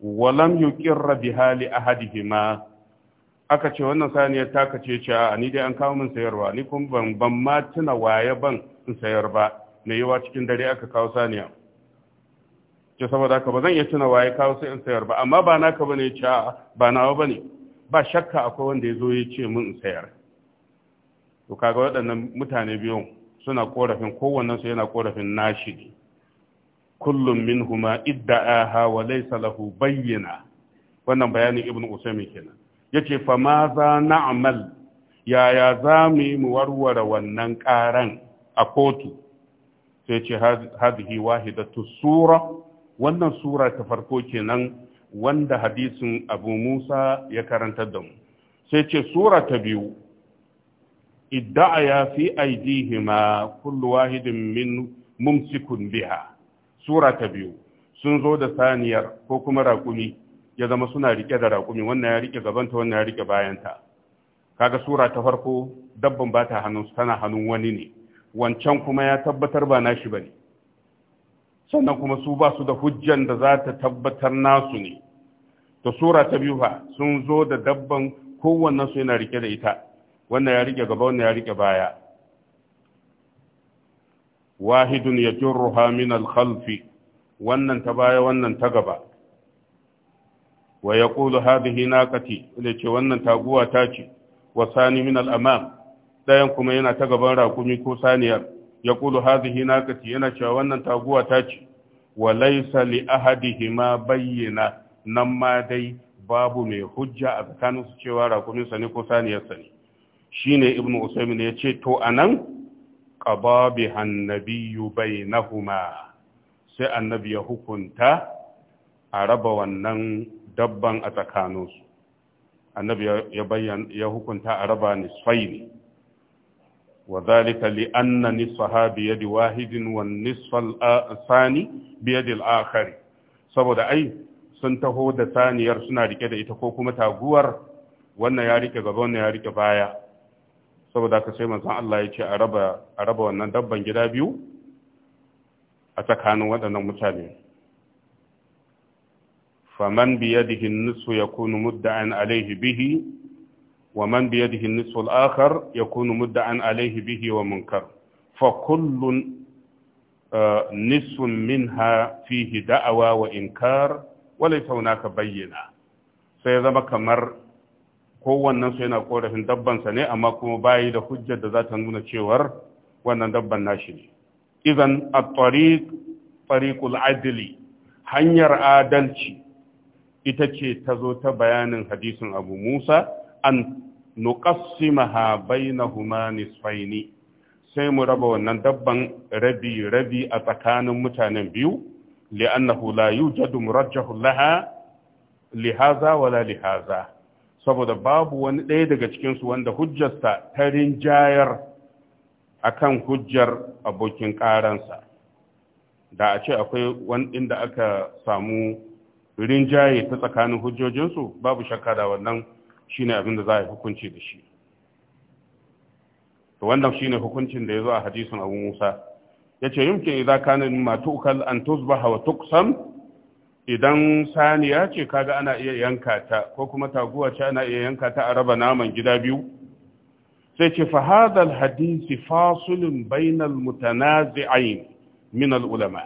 walam yuqirra bi hali ahadihima aka ce wannan saniyar ta kace ce a ni dai an kawo min sayarwa ni kun ban ban ma tuna waye ban in sayar ba me yawa cikin dare aka kawo saniya ce saboda haka ba zan iya tuna waye kawo sai in sayar ba amma ba naka bane ce ba nawa bane ba shakka akwai wanda ya zo ya ce min in sayar to kaga waɗannan mutane biyun suna korafin kowannen yana korafin nashi kullum minhuma idda'aha wa laysa lahu bayyana wannan bayanin Ibn usaymin kenan yace fa ma za yaya za mu yi mu warware wannan ƙaran a kotu sai ce hadhihi wahidatu sura wannan sura ta farko kenan wanda hadisin abu musa ya karanta da mu sai ce sura ta biyu idda'a ya fi aidihima kullu wahidin min mumsikun biha sura ta biyu sun zo da saniyar ko kuma raƙumi ya zama suna rike da raƙumi wannan ya rike gabanta wannan ya rike bayanta kaga sura ta farko dabban ba ta hannun tana hannun wani ne wancan kuma ya tabbatar ba nashi bane sannan kuma su ba su da hujjan da za ta tabbatar nasu ne to sura ta biyu fa sun zo da dabban kowannensu yana rike da ita wannan ya rike gaba wannan ya rike baya wahidun ya jirruha min alkhalfi wannan ta baya wannan ta gaba wa ya ƙulu hadihi naƙati da ce wannan taguwa ta ce wa sani min al'amam ɗayan kuma yana ta gaban raƙumi ko saniyar ya ƙulu hadihi naƙati yana cewa wannan taguwa ta ce wa laisa li ahadihi bayyana nan ma dai babu mai hujja a tsakaninsu cewa raƙuminsa ko saniyarsa ne shine ibnu ya ce to anan faƙaba bihan nabiyyu bainahuma sai annabi ya hukunta a raba wannan dabban a tsakaninsu annabi ya hukunta a raba nisfai ne wa zalika li anna yadi wahidin wa nisfal sani bi yadi al-akhari saboda ai sun taho da saniyar suna rike da ita ko kuma taguwar wannan ya rike gaba wannan ya rike baya saboda ka sai manzon Allah ya ce a raba wannan dabban gida biyu a tsakanin waɗannan mutane faman biyadihi ya nisfu yakunu mudda'an alaihi bihi wa man biya biyadihi an-nisfu ya akhar yakunu mudda'an alaihi bihi wa munkar fa kullun نصف منها فيه دعوة وإنكار وليس ka bayyana. sai zama kamar kowannen su yana korafin dabbansa ne amma kuma bayi da hujjar da za ta nuna cewar wannan dabban nashi ne idan at-tariq adli hanyar adalci ita ce ta zo ta bayanin hadisin Abu Musa an nuqassimaha bainahuma nisfaini sai mu raba wannan dabban rabi rabi a tsakanin mutanen biyu li'annahu la yujadu murajjahu laha lihaza wala lihaza saboda babu wani ɗaya daga cikinsu wanda hujjarsa ta rinjayar a kan hujjar abokin ƙaransa da a ce akwai wani inda aka samu rinjaye ta tsakanin hujjojinsu babu shakka da wannan ne abin da za a yi hukunci da shi to wannan shi ne hukuncin da ya zo a hadisin abu musa ya ce yumkin idza kana matu'kal an tuzbaha wa tuqsam idan saniya ce kaga ana iya yanka ta ko kuma taguwa ce ana iya yanka ta a raba naman gida biyu sai ce fa hadisi fasulun bainal mutanazi'ain min al ulama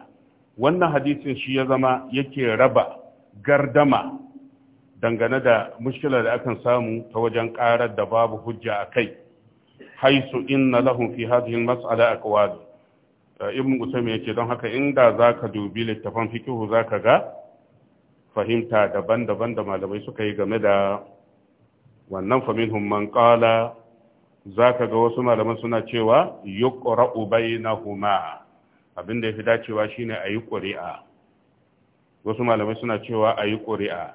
wannan hadisin shi ya zama yake raba gardama dangane da mushkilar da akan samu ta wajen karar da babu hujja a kai haisu inna lahum fi hadhihi al-mas'ala aqwal ibn usaymi yace don haka inda zaka dubi littafan fiqhu zaka ga fahimta daban-daban da malamai suka yi game da wannan faminhum man Za ka ga wasu malaman suna cewa yi na huma. abin da fi dacewa shine yi ƙuri'a. wasu malamai suna cewa ayi ƙuri'a.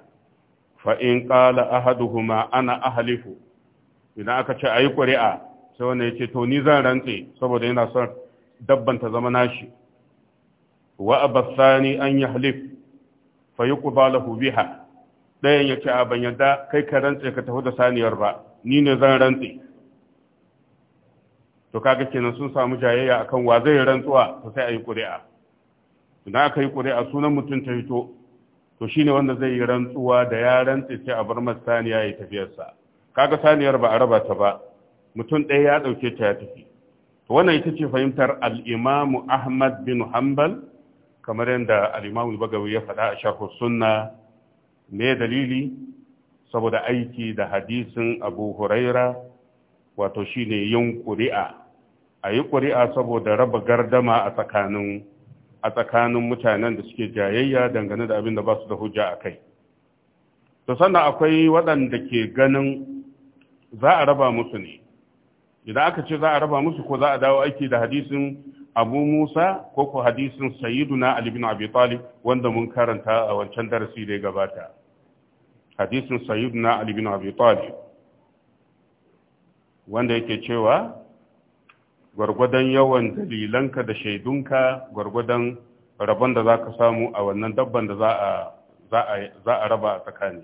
fa in qala ahaduhuma ana ahalifu. idan aka ce a yi ƙuri'a? sai wanda ce to ni zan rantse saboda yana son dabbanta zama nashi wa abathani an halif. fa yuqda lahu biha dayan yace a ban yadda kai ka rantse ka tafi da saniyar ba ni ne zan rantse to kaga kenan sun samu jayayya akan wa zai rantsuwa to sai ayi ƙuri'a idan aka yi ƙuri'a sunan mutum ta fito to shine wanda zai yi rantsuwa da ya rantse sai a bar masa saniya ya tafiyarsa kaga saniyar ba a raba ta ba mutum ɗaya ya ɗauke ta ya tafi to wannan ita ce fahimtar al-Imam Ahmad bin Hanbal kamar yadda Alimami imam ya faɗa a sharh sunna ne dalili saboda aiki da hadisin Abu Huraira wato shine yin ƙuri'a yi ƙuri'a saboda raba gardama a tsakanin a mutanen da suke jayayya dangane da abin da ba su da hujja a kai. To sannan akwai waɗanda ke ganin za a raba musu ne, idan aka ce za a raba musu ko za a dawo aiki da hadisin abu musa ko ko hadisin sayyiduna ali bin abi talib wanda mun karanta a wancan darasi da ya gabata hadisin sayyiduna ali bin abi talib wanda yake cewa gwargwadon yawan dalilanka da shaidunka gwargwadon rabon da za ka samu a wannan dabban da za a raba a tsakani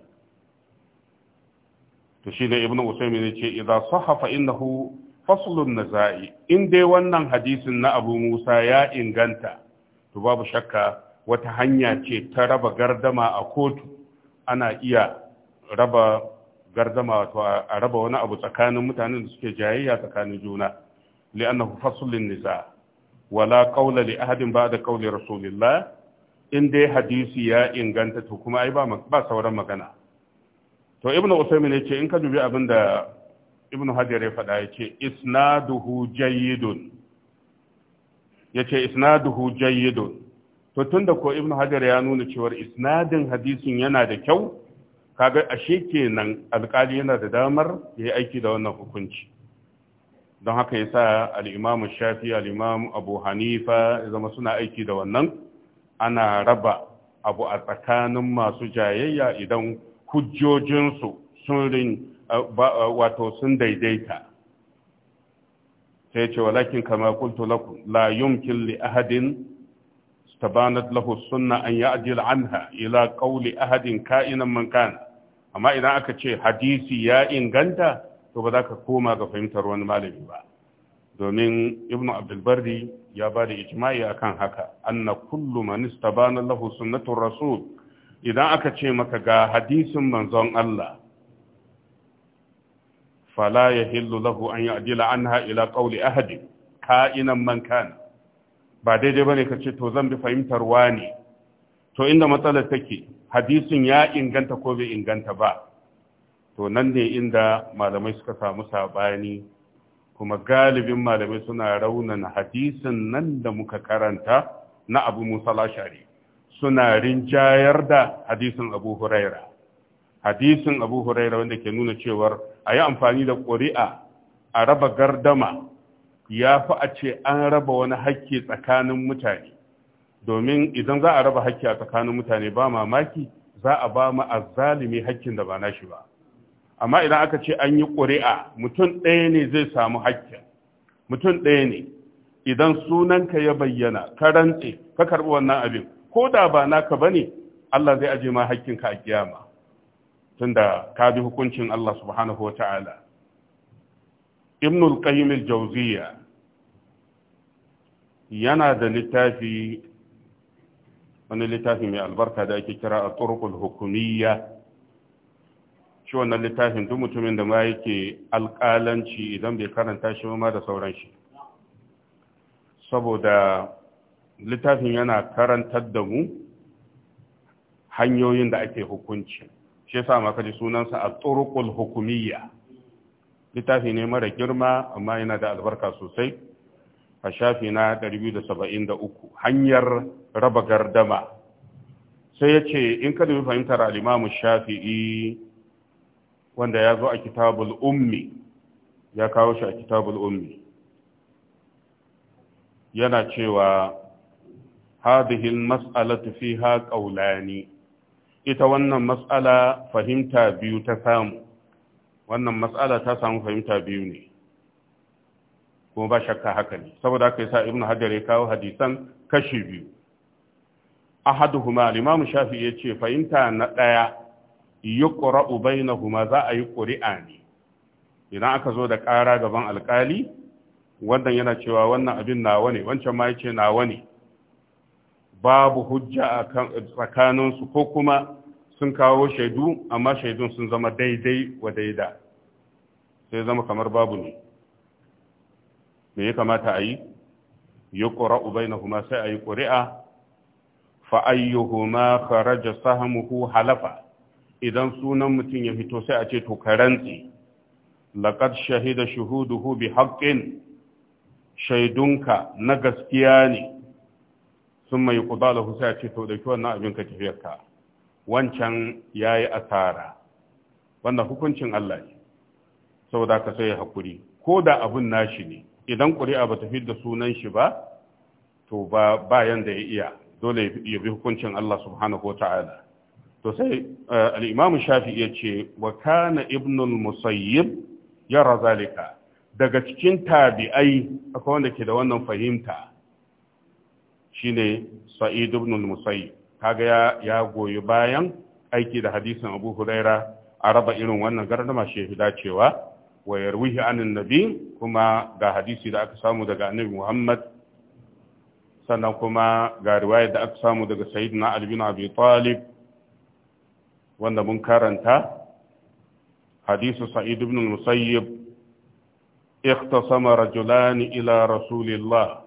to shi ne ibn usaimin ya ce idan sahafa innahu faslun nasa'i in dai wannan hadisin na abu musa ya inganta to babu shakka wata hanya ce ta raba gardama a kotu ana iya raba gardama wato a raba wani abu tsakanin mutanen da suke jayayya tsakanin juna li'annahu faslun nisa wala qawla li ahadin ba'da qawli rasulillah in dai hadisi ya inganta to kuma ai ba sauran magana to ibnu usaymin yace in ka dubi abinda ibn hajar ya faɗa ya ce isnaduhu jayyidun ya ce isnaduhu jayyidun to tunda ko ibn hajar ya nuna cewar isnadin hadisin yana da kyau kaga ashe kenan alkali yana da damar ya yi aiki da wannan hukunci don haka ya sa al'imamu shafi al'imamu abu hanifa zama suna aiki da wannan ana raba abu a tsakanin masu jayayya idan hujjojinsu sun wato sun daidaita sai ce walakin kama qultu lakum la yumkin li ahadin tabanat lahu sunna an ya'jil anha ila kauli ahadin ka'inan man kana amma idan aka ce hadisi ya inganta to ba za ka koma ga fahimtar wani malami ba domin ibnu abdulbardi ya ba da ijma'i akan haka anna kullu man istabana lahu sunnatur rasul idan aka ce maka ga hadisin manzon Allah fala ya lahu an ya'dila anha ila qawli ahadi ka'inan man kana ba daidai bane kace to zan bi fahimtarwa ne. to inda matsalar take hadisin ya inganta ko bai inganta ba to nan ne inda malamai suka samu sabani kuma galibin malamai suna raunan hadisin nan da muka karanta na abu musa lashari suna rinjayar da hadisin abu huraira hadisin abu huraira wanda ke nuna cewar a yi amfani da ƙuri'a a raba gardama ya fi a ce an raba wani hakki tsakanin mutane domin idan za a raba hakki a tsakanin mutane ba mamaki za a ba ma azzalimi hakkin da ba shi ba amma idan aka ce an yi ƙuri'a mutum ɗaya ne zai samu hakkin mutum ɗaya ne idan sunanka ya bayyana ka rantse ka karɓi wannan abin ko da ba naka bane Allah zai aje ma hakkinka a kiyama tunda ka bi hukuncin Allah subhanahu wa ta'ala ibnul al Jauziya yana da littafi wani littafi mai albarka da ake kira a turkul hukumiyya shi wannan littafin duk mutumin da ma yake alƙalanci idan bai karanta shi ma da sauran shi saboda littafin yana karantar da mu hanyoyin da ake hukunci shi yasa ma ji sunansa a turuqul hukumiyya littafi ne mara girma amma yana da albarka sosai a shafi na 273 hanyar raba gardama sai ya ce in ka dubi fahimtar alimamu shafi shafi'i wanda ya zo a kitabul ummi ya kawo shi a kitabul ummi yana cewa hadihin masalatu fiha qawlani ita wannan matsala fahimta biyu ta samu wannan matsala ta samu fahimta biyu ne kuma ba shakka haka ne saboda aka yi sa, ibnu hajar ya kawo hadisan kashi biyu ahaduhuma al shafi ya ce, fahimta na ɗaya. Yi bai na huma za a yi ƙuri'a ne idan aka zo da ƙara gaban alƙali, wannan yana cewa wannan abin nawa ne wancan ma ya ce nawa ne babu hujja a tsakaninsu ko kuma sun kawo shaidu amma shaidun sun zama daidai wa daida sai zama kamar babu ne me ya kamata a yi yi ƙura ubai na kuma sai a yi ƙuri'a fa'ayyuhuma kharaja sahamuhu halafa idan sunan mutum ya fito sai a ce to karanti. laƙar shahida shuhuduhu bi haƙƙin shaidunka na gaskiya ne sun mai kuda lahu sai ce to dauki wannan abin ka tafiyar ka wancan yayi asara wannan hukuncin Allah ne saboda ka sai hakuri ko da abun nashi ne idan ƙuri'a ba ta da sunan shi ba to ba yanda ya iya dole ya bi hukuncin Allah subhanahu wa ta'ala to sai eh, al Shafi'i ya ce wa kana ibnul musayyib yara zalika daga cikin tabi'ai akwai wanda ke da wannan fahimta shine sa'id ibn al-musayyib kaga ya goyi bayan aiki da hadisin abu huraira a raba irin wannan gardama shehu dacewa wa yarwihi anin nabi kuma ga hadisi da aka samu daga annabi muhammad sannan kuma ga riwayar da aka samu daga sayyidina ali bin abi talib wanda mun karanta hadisi sa'id ibn al-musayyib اختصم رجلان إلى رسول الله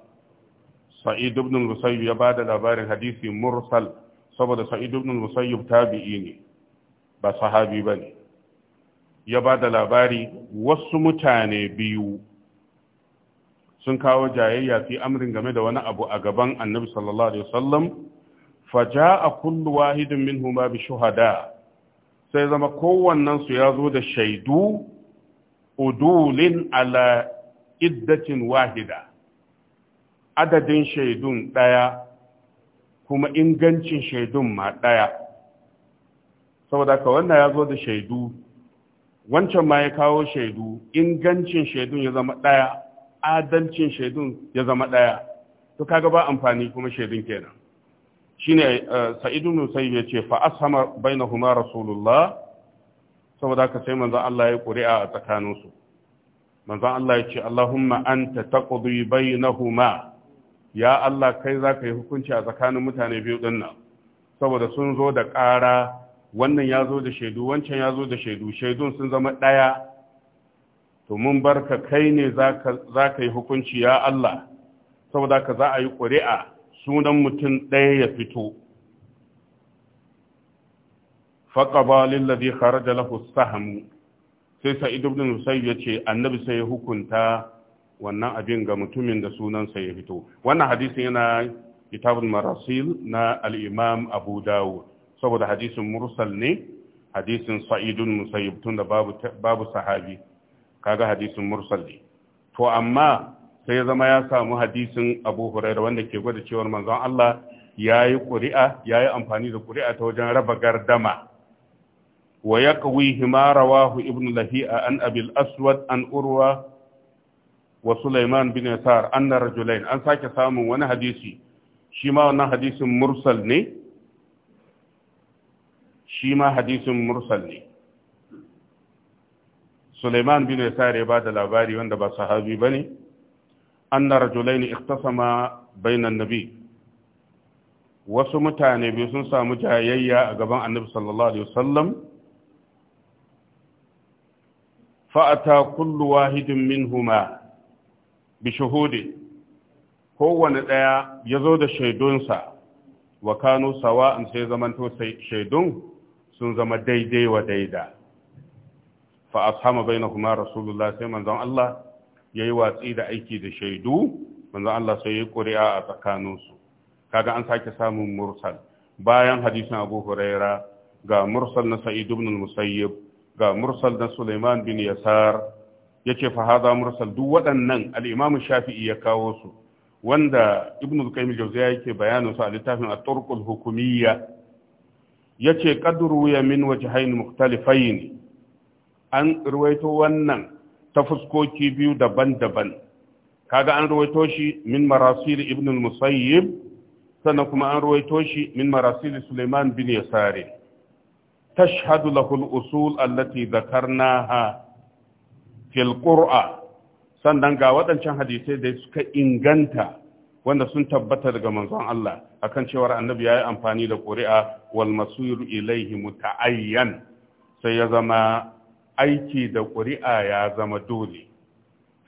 sa'id ibn musayyib ya bada labarin hadisi mursal saboda sa'id ibn musayyib tabi'i ne ba sahabi ne, ya bada labari wasu mutane biyu sun kawo jayayya fi amrin game da wani abu a gaban annabi sallallahu alaihi wasallam kullu wahidin minhuma bi shuhada sai zama kowannen su ya zo da shaidu udulin ala iddatin wahida adadin shaidun ɗaya kuma ingancin shaidun ma ɗaya saboda ka wannan ya zo da shaidu wancan ma ya kawo shaidu ingancin shaidun ya zama ɗaya adalcin shaidun ya zama ɗaya to kaga ba amfani kuma shaidun kenan shine eh, sa'idu nusayi ya ce fa ashama huma rasulullah saboda ka sai manzan Allah ya ƙuri'a a tsakaninsu Manzan Allah ya ce Allahumma anta taqdi bainahuma ya Allah kai za ka yi hukunci a tsakanin mutane biyu ɗin nan saboda sun zo da ƙara wannan ya zo da shaidu wancan ya zo da shaidu shaidun sun zama ɗaya to mun bar ka kai ne za ka yi hukunci ya Allah saboda ka za a yi ƙuri'a sunan mutum ɗaya ya fito faƙaba lillazi kharaja lahu sahamu sai sa'id ibn musayyib ce, annabi sai ya hukunta wannan abin ga mutumin da sunansa ya fito wannan hadisin yana kitabul marasil na al-imam abu dawud saboda hadisin mursal ne hadisin sa'idun musayyib tunda babu babu sahabi kaga hadisin mursal ne to amma sai zama ya samu hadisin abu huraira wanda ke gwada cewar manzon Allah yayi ƙuri'a yayi amfani da ƙuri'a ta wajen raba gardama wa yaqwi hima rawahu ibnu lahi'a an abil aswad an urwa wa Sulaiman bin Yasar anna rajulain an sake samun wani hadisi shi ma wannan hadisin mursal ne shi ma hadisin mursal ne Sulaiman bin Yasar ya ba da labari wanda ba sahabi bane anna rajulain ikhtasama bainan nabi wasu mutane biyu sun samu jayayya a gaban annabi sallallahu alaihi wasallam fa'ata kullu wahidin minhuma bi kowane ɗaya ya zo da shaidunsa wa sawa in sai zamanto sai shaidun sun zama daidai wa daida fa ashama kuma rasulullah sai manzon Allah yayi watsi da aiki da shaidu manzon Allah sai yayi ƙuri'a a tsakaninsu kaga an sake samun mursal bayan hadisin Abu Huraira ga mursal na Sa'id ibn al-Musayyib ga mursal na Sulaiman bin Yasar yace fa mu mursal duk waɗannan al'imamin shafi'i ya kawo su wanda ibn al-qayyim al-jawziyya yake bayanin su a littafin at-turq hukumiyya yace qadru ya min wajhayn mukhtalifayn an ruwaito wannan ta fuskoki biyu daban-daban kaga an ruwaito shi min marasil ibn al-musayyib sannan kuma an ruwaito shi min marasil Suleiman bin Yasari tashhadu lahu al-usul allati dhakarnaha fil qur'a sannan ga waɗancan hadisai da suka inganta wanda sun tabbata daga manzon Allah akan cewar annabi ya yi amfani da ƙuri'a wal masiru ilaihi muta'ayyan sai ya zama aiki da ƙuri'a ya zama dole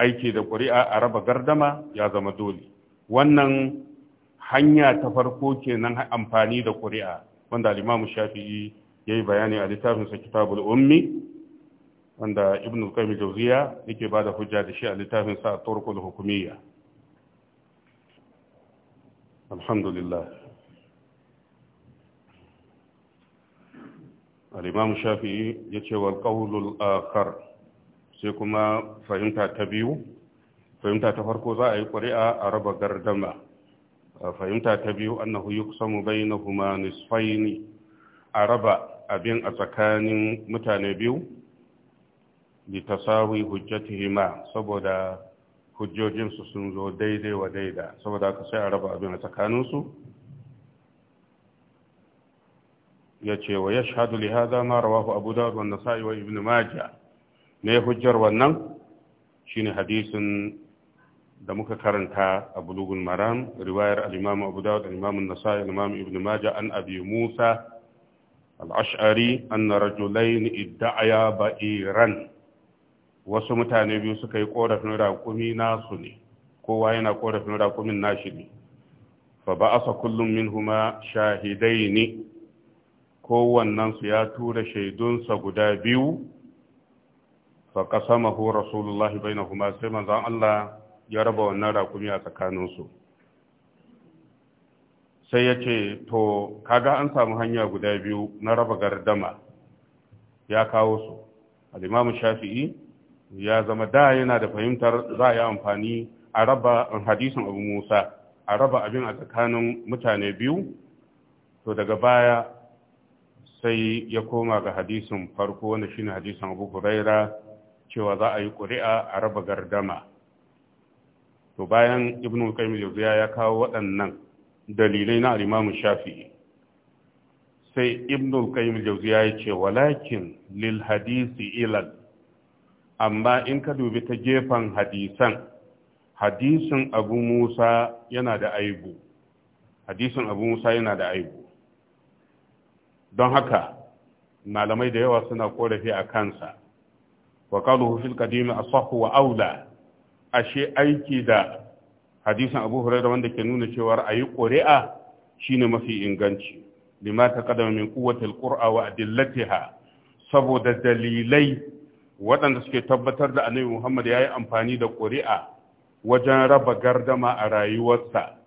aiki da ƙuri'a a raba gardama ya zama dole wannan hanya ta farko kenan amfani da ƙuri'a wanda al-Imam Shafi'i yayi bayani a littafin sa Kitabul Ummi wanda ibn al-qayyim jawziya yake bada hujja da shi a littafin sa turqul hukumiyya alhamdulillah al-imam shafi'i yace wal qawlul akhar sai kuma fahimta ta biyu fahimta ta farko za a yi ƙuri'a a raba gardama fahimta ta biyu annahu yuqsamu bainahuma nisfaini a raba abin a tsakanin mutane biyu bi tasawi hujjatihima saboda hujjojinsu sun zo daidai wa daida saboda ka sai a raba abin a tsakaninsu ya ce wa ya shahadu li hada ma rawahu abu dawud wa nasa'i wa ibn majah ne hujjar wannan shine hadisin da muka karanta a bulugul maram riwayar al imamu abu dawud al-imam nasai al imamu ibn majah an abi musa al-ash'ari anna rajulayn idda'aya ba'iran wasu mutane biyu suka yi korafin raƙumi nasu ne kowa yana korafin raƙumin nashi ne fa ba asa kullum min huma shahidai ne kowannensu ya tura shaidunsa guda biyu fa bai rasulullahi huma sai manzon Allah ya raba wannan raƙumi a tsakaninsu sai ya ce to kaga an samu hanya guda biyu na raba gardama ya kawo su al'imamu shafi'i ya zama da yana da fahimtar za a yi amfani a raba hadisin abu musa a raba abin a tsakanin mutane biyu to daga baya sai ya koma ga hadisin farko wanda shine hadisin abu huraira cewa za a yi ƙuri'a a raba gardama to bayan Ibn qayyim jawziya ya kawo waɗannan dalilai na al-imam shafi'i sai Ibn qayyim jawziya ya ce walakin lil hadisi ilal amma in ka dubi ta gefen hadisan hadisin abu musa yana da aibu hadisin abu musa yana da aibu don haka malamai da yawa suna korafi a kansa wa qaluhu fil qadimi asahhu wa aula ashe aiki da hadisin abu hurairah wanda ke nuna cewa ayi ƙuri'a shine mafi inganci lima taqaddama min quwwati al-qur'a wa adillatiha saboda dalilai waɗanda suke tabbatar da annabi Muhammad ya yi amfani da ƙuri'a wajen raba gardama a rayuwarsa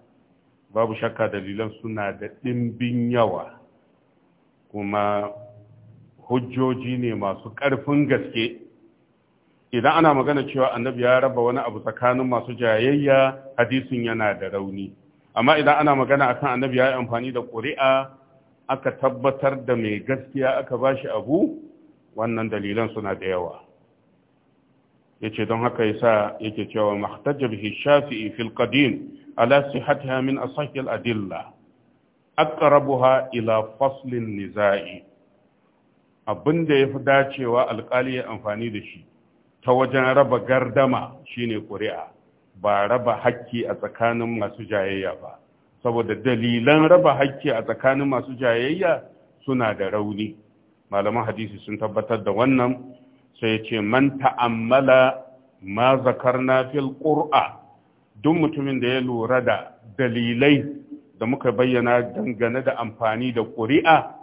babu shakka dalilan suna da ɗimbin yawa kuma hujjoji ne masu ƙarfin gaske idan ana magana cewa annabi ya raba wani abu tsakanin masu jayayya hadisin yana da rauni amma idan ana magana akan annabi ya yi amfani da ƙuri'a aka tabbatar da mai gaskiya aka ba shi abu wannan dalilan suna da yawa yace don haka yasa yake cewa mahtaja bihi shafi'i fil qadim ala sihhatiha min asahhi adilla aqrabuha ila faslin an nizai abinda yafi dacewa alkali ya amfani da shi ta wajen raba gardama shine ƙuri'a ba raba hakki a tsakanin masu jayayya ba saboda dalilan raba hakki a tsakanin masu jayayya suna da rauni malaman hadisi sun tabbatar da wannan sai ce man ta'ammala ma zakarna fil qur'a duk mutumin da ya lura da dalilai da muka bayyana dangane da amfani da ƙuri'a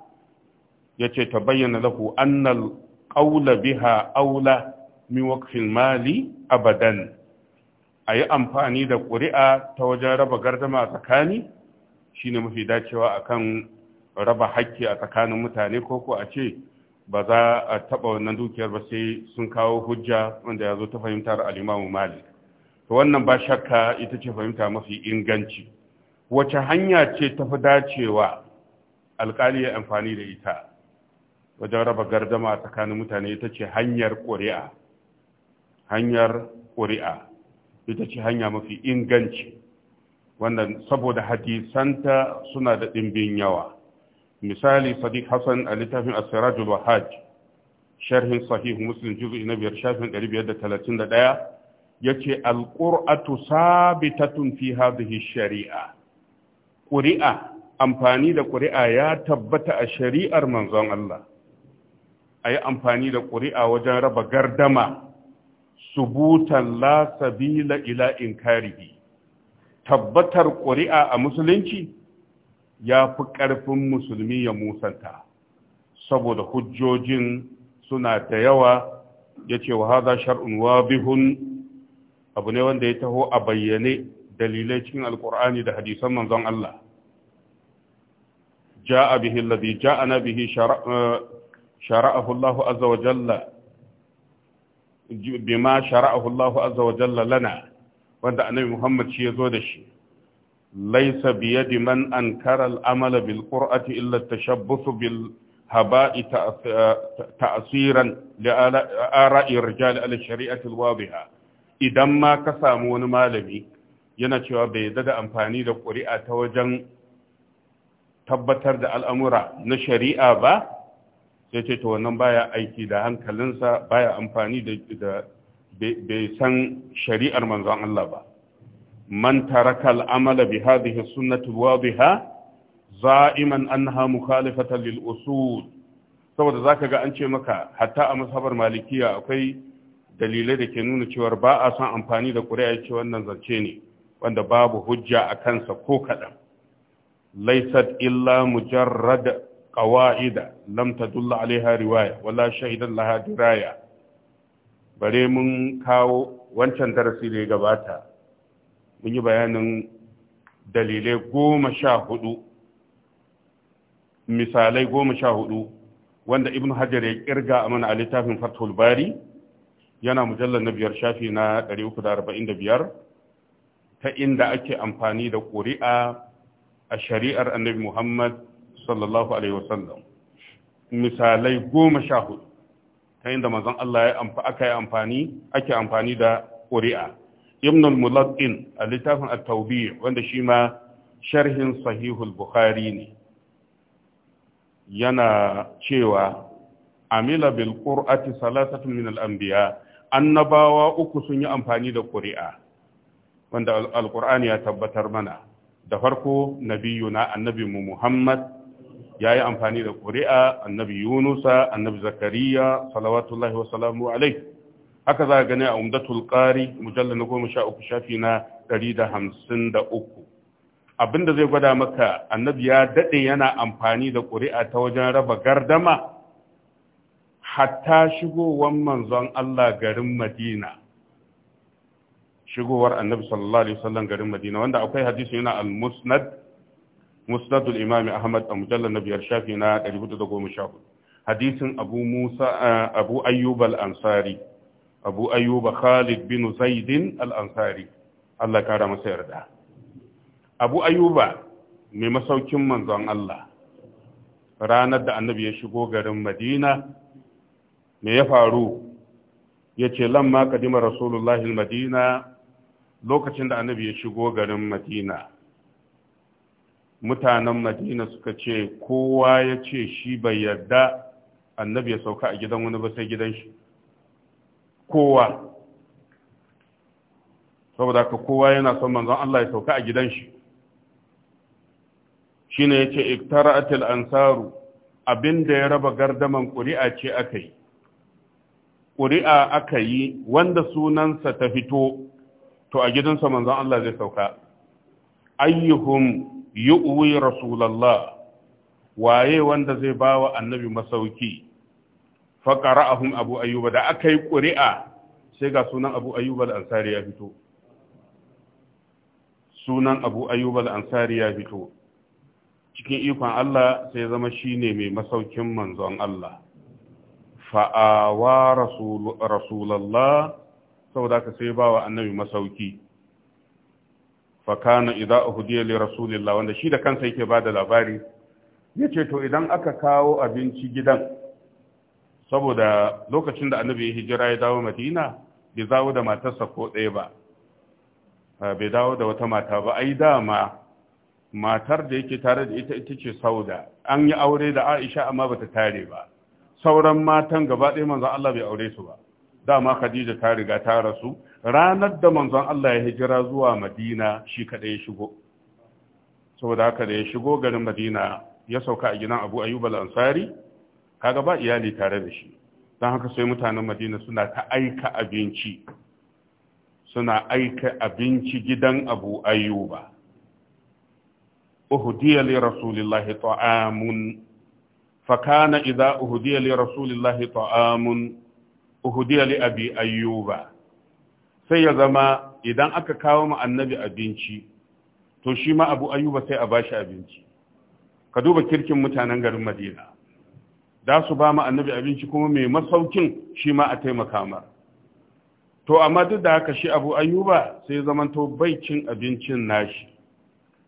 ya ce ta bayyana lahu annal ƙaula biha aula min waqfil mali abadan a yi amfani da ƙuri'a ta wajen raba gardama tsakani shine mafi dacewa akan raba hakki a tsakanin mutane ko ko a ce ba za a taba wannan dukiyar ba sai sun kawo hujja wanda ya zo ta fahimtar alimamu malik to wannan ba shakka ita ce fahimta mafi inganci wace hanya ce ta fi dacewa alƙali ya amfani da ita wajen raba gardama a tsakanin mutane ita ce hanyar ƙuri'a hanyar ƙuri'a ita ce hanya mafi inganci wannan saboda hadisanta suna da ɗimbin yawa misali sadiq hassan a littafin asirajul wahaj sharhin sahih muslim juzu'i na biyar shafin 531 yace alqur'atu sabitatun fi hadhihi shari'a ƙuri'a amfani da ƙuri'a ya tabbata a shari'ar manzon Allah a yi amfani da ƙuri'a wajen raba gardama subutan la sabila ila inkarihi tabbatar ƙuri'a a musulunci ya fi ƙarfin musulmi ya musanta saboda hujjojin suna da yawa ya ce wa haza shar'un wabihun abu ne wanda ya taho a bayyane dalilai cikin alkur'ani da hadisan manzon Allah ja'a bihi alladhi na bihi eh, shara'ahu Allah azza wa jalla bima shara'ahu Allah azza wa jalla lana wanda annabi Muhammad shi ya zo da shi laisa biyadi man ankara al'amala bil qur'ati illa tashabbusu bil haba'i ta'asiran li ara'i rijal al shari'ati al wadiha idan ma ka samu wani malami yana cewa bai yadda da amfani da ƙuri'a ta wajen tabbatar da al'amura na shari'a ba sai ce to wannan baya aiki da hankalinsa baya amfani da bai san shari'ar manzon Allah ba man taraka al'amala bi hadhihi sunnati wadhiha za'iman annaha mukhalifatan lil usul saboda zaka ga an ce maka hatta a mazhabar malikiya akwai dalilai da ke nuna cewa ba a son amfani da ƙuri'a ce wannan zance ne wanda babu hujja a kansa ko kaɗan Laisat illa mujarrad qawa'ida lam tadulla alaiha riwaya wala shaidan Lahadi Raya. bare mun kawo wancan darasi da ya gabata mun yi bayanin dalilai goma sha hudu misalai goma sha hudu wanda ibn hajar ya kirga a mana a littafin fathul bari yana mujallar na biyar shafi na 345 ta inda ake amfani da ƙuri'a a shari'ar annabi muhammad sallallahu alaihi wasallam misalai goma sha hudu ta inda mazan allah ya amfa aka yi amfani ake amfani da ƙuri'a ibn al-mulaqqin a littafin at-tawbi' wanda shi ma sharhin sahihul bukhari ne yana cewa amila bil qur'ati salasatun min al-anbiya annabawa uku sun yi amfani da ƙuri'a wanda alƙur'ani ya tabbatar mana da farko nabiyuna annabi mu muhammad ya yi amfani da ƙuri'a annabi yunusa annabi zakariya salawatullahi wasalamu alaihi haka za a gani a umdatul qari mujalla na goma sha uku shafi na ɗari da hamsin da uku abinda zai gwada maka annabi ya daɗe yana amfani da ƙuri'a ta wajen raba gardama hatta shigowar manzon Allah garin Madina shigowar annabi sallallahu alaihi wasallam garin Madina wanda akwai hadisi yana al-musnad musnadul imam Ahmad a mujallal na biyar shafi na 414 hadisin Abu Musa eh, Abu Ayyub al-Ansari abu Ayuba, khalid bin zaidin al-ansari Allah kara masa yarda abu Ayuba mai masaukin manzon Allah ranar da annabi ya shigo garin madina me ya faru ya ce lamma kadima rasulullahi madina lokacin da annabi ya shigo garin madina mutanen madina suka ce kowa ya ce shi bai yarda annabi ya sauka a gidan wani ba sai gidan shi kowa saboda ka kowa yana son manzon Allah ya sauka a gidan shi shine yace iktara'atil ansaru abinda ya raba gardaman ƙuri'a ce aka yi ƙuri'a aka yi wanda sunansa ta fito to a gidansa manzon Allah zai sauka ayyuhum yu'wi rasulallah waye wanda zai bawa annabi masauki faqara'ahum abu ayyuba da aka yi ƙuri'a sai ga sunan abu ayyuba al-ansari ya fito sunan abu ayyuba al-ansari ya fito cikin ikon Allah sai zama shine mai masaukin manzon Allah fa'awa rasulallah saboda ka sai bawa annabi masauki fakana idza uhdiya li rasulillah wanda shi da kansa yake bada labari yace to idan aka kawo abinci gidan saboda lokacin da annabi ya hijira ya dawo madina bai dawo da matarsa ko ɗaya ba bai dawo da wata mata ba ai dama matar da yake tare da ita ita ce sauda an yi aure da aisha amma bata tare ba sauran matan gaba ɗaya manzon Allah bai aure su ba dama khadija ta riga ta rasu ranar da manzon Allah ya hijira zuwa madina shi kaɗai ya shigo saboda haka da ya shigo garin madina ya sauka a gidan abu ayyub al-ansari kaga ba iyali tare da shi don haka sai mutanen madina suna ta aika abinci suna aika abinci gidan abu ayyuba uhudiya li rasulillahi ta'amun fakana idza uhudiya li rasulillahi ta'amun uhudiya li abi ayyuba sai ya zama idan aka kawo mu annabi abinci to shi ma abu ayyuba sai a bashi abinci ka duba kirkin mutanen garin madina da su ba mu annabi abinci kuma mai masaukin shi ma a taimaka mar to amma duk da haka shi abu ayyuba sai zamanto bai cin abincin nashi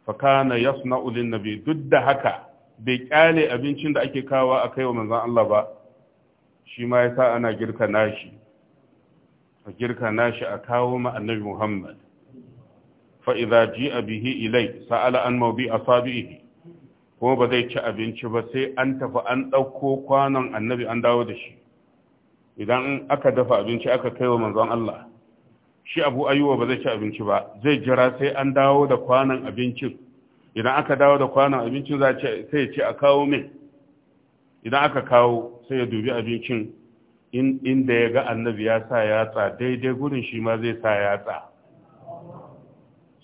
fakana yasna'u lin nabi duk da haka bai kyale abincin da ake kawo a kai wa manzon Allah ba shi ma yasa ana girka nashi a girka nashi a kawo ma annabi Muhammad fa idza ji'a ilai sa'ala an a asabihi ko ba zai ci abinci ba sai an tafi an ɗauko kwanon annabi an dawo da shi idan aka dafa abinci aka kai wa manzon Allah shi abu ayuwa ba zai ci abinci ba zai jira sai an dawo da kwanon abincin idan aka dawo da kwanon abincin za sai ce a kawo min idan aka kawo sai ya dubi abincin inda ya ga annabi ya sa yatsa daidai gurin shi ma zai sa yatsa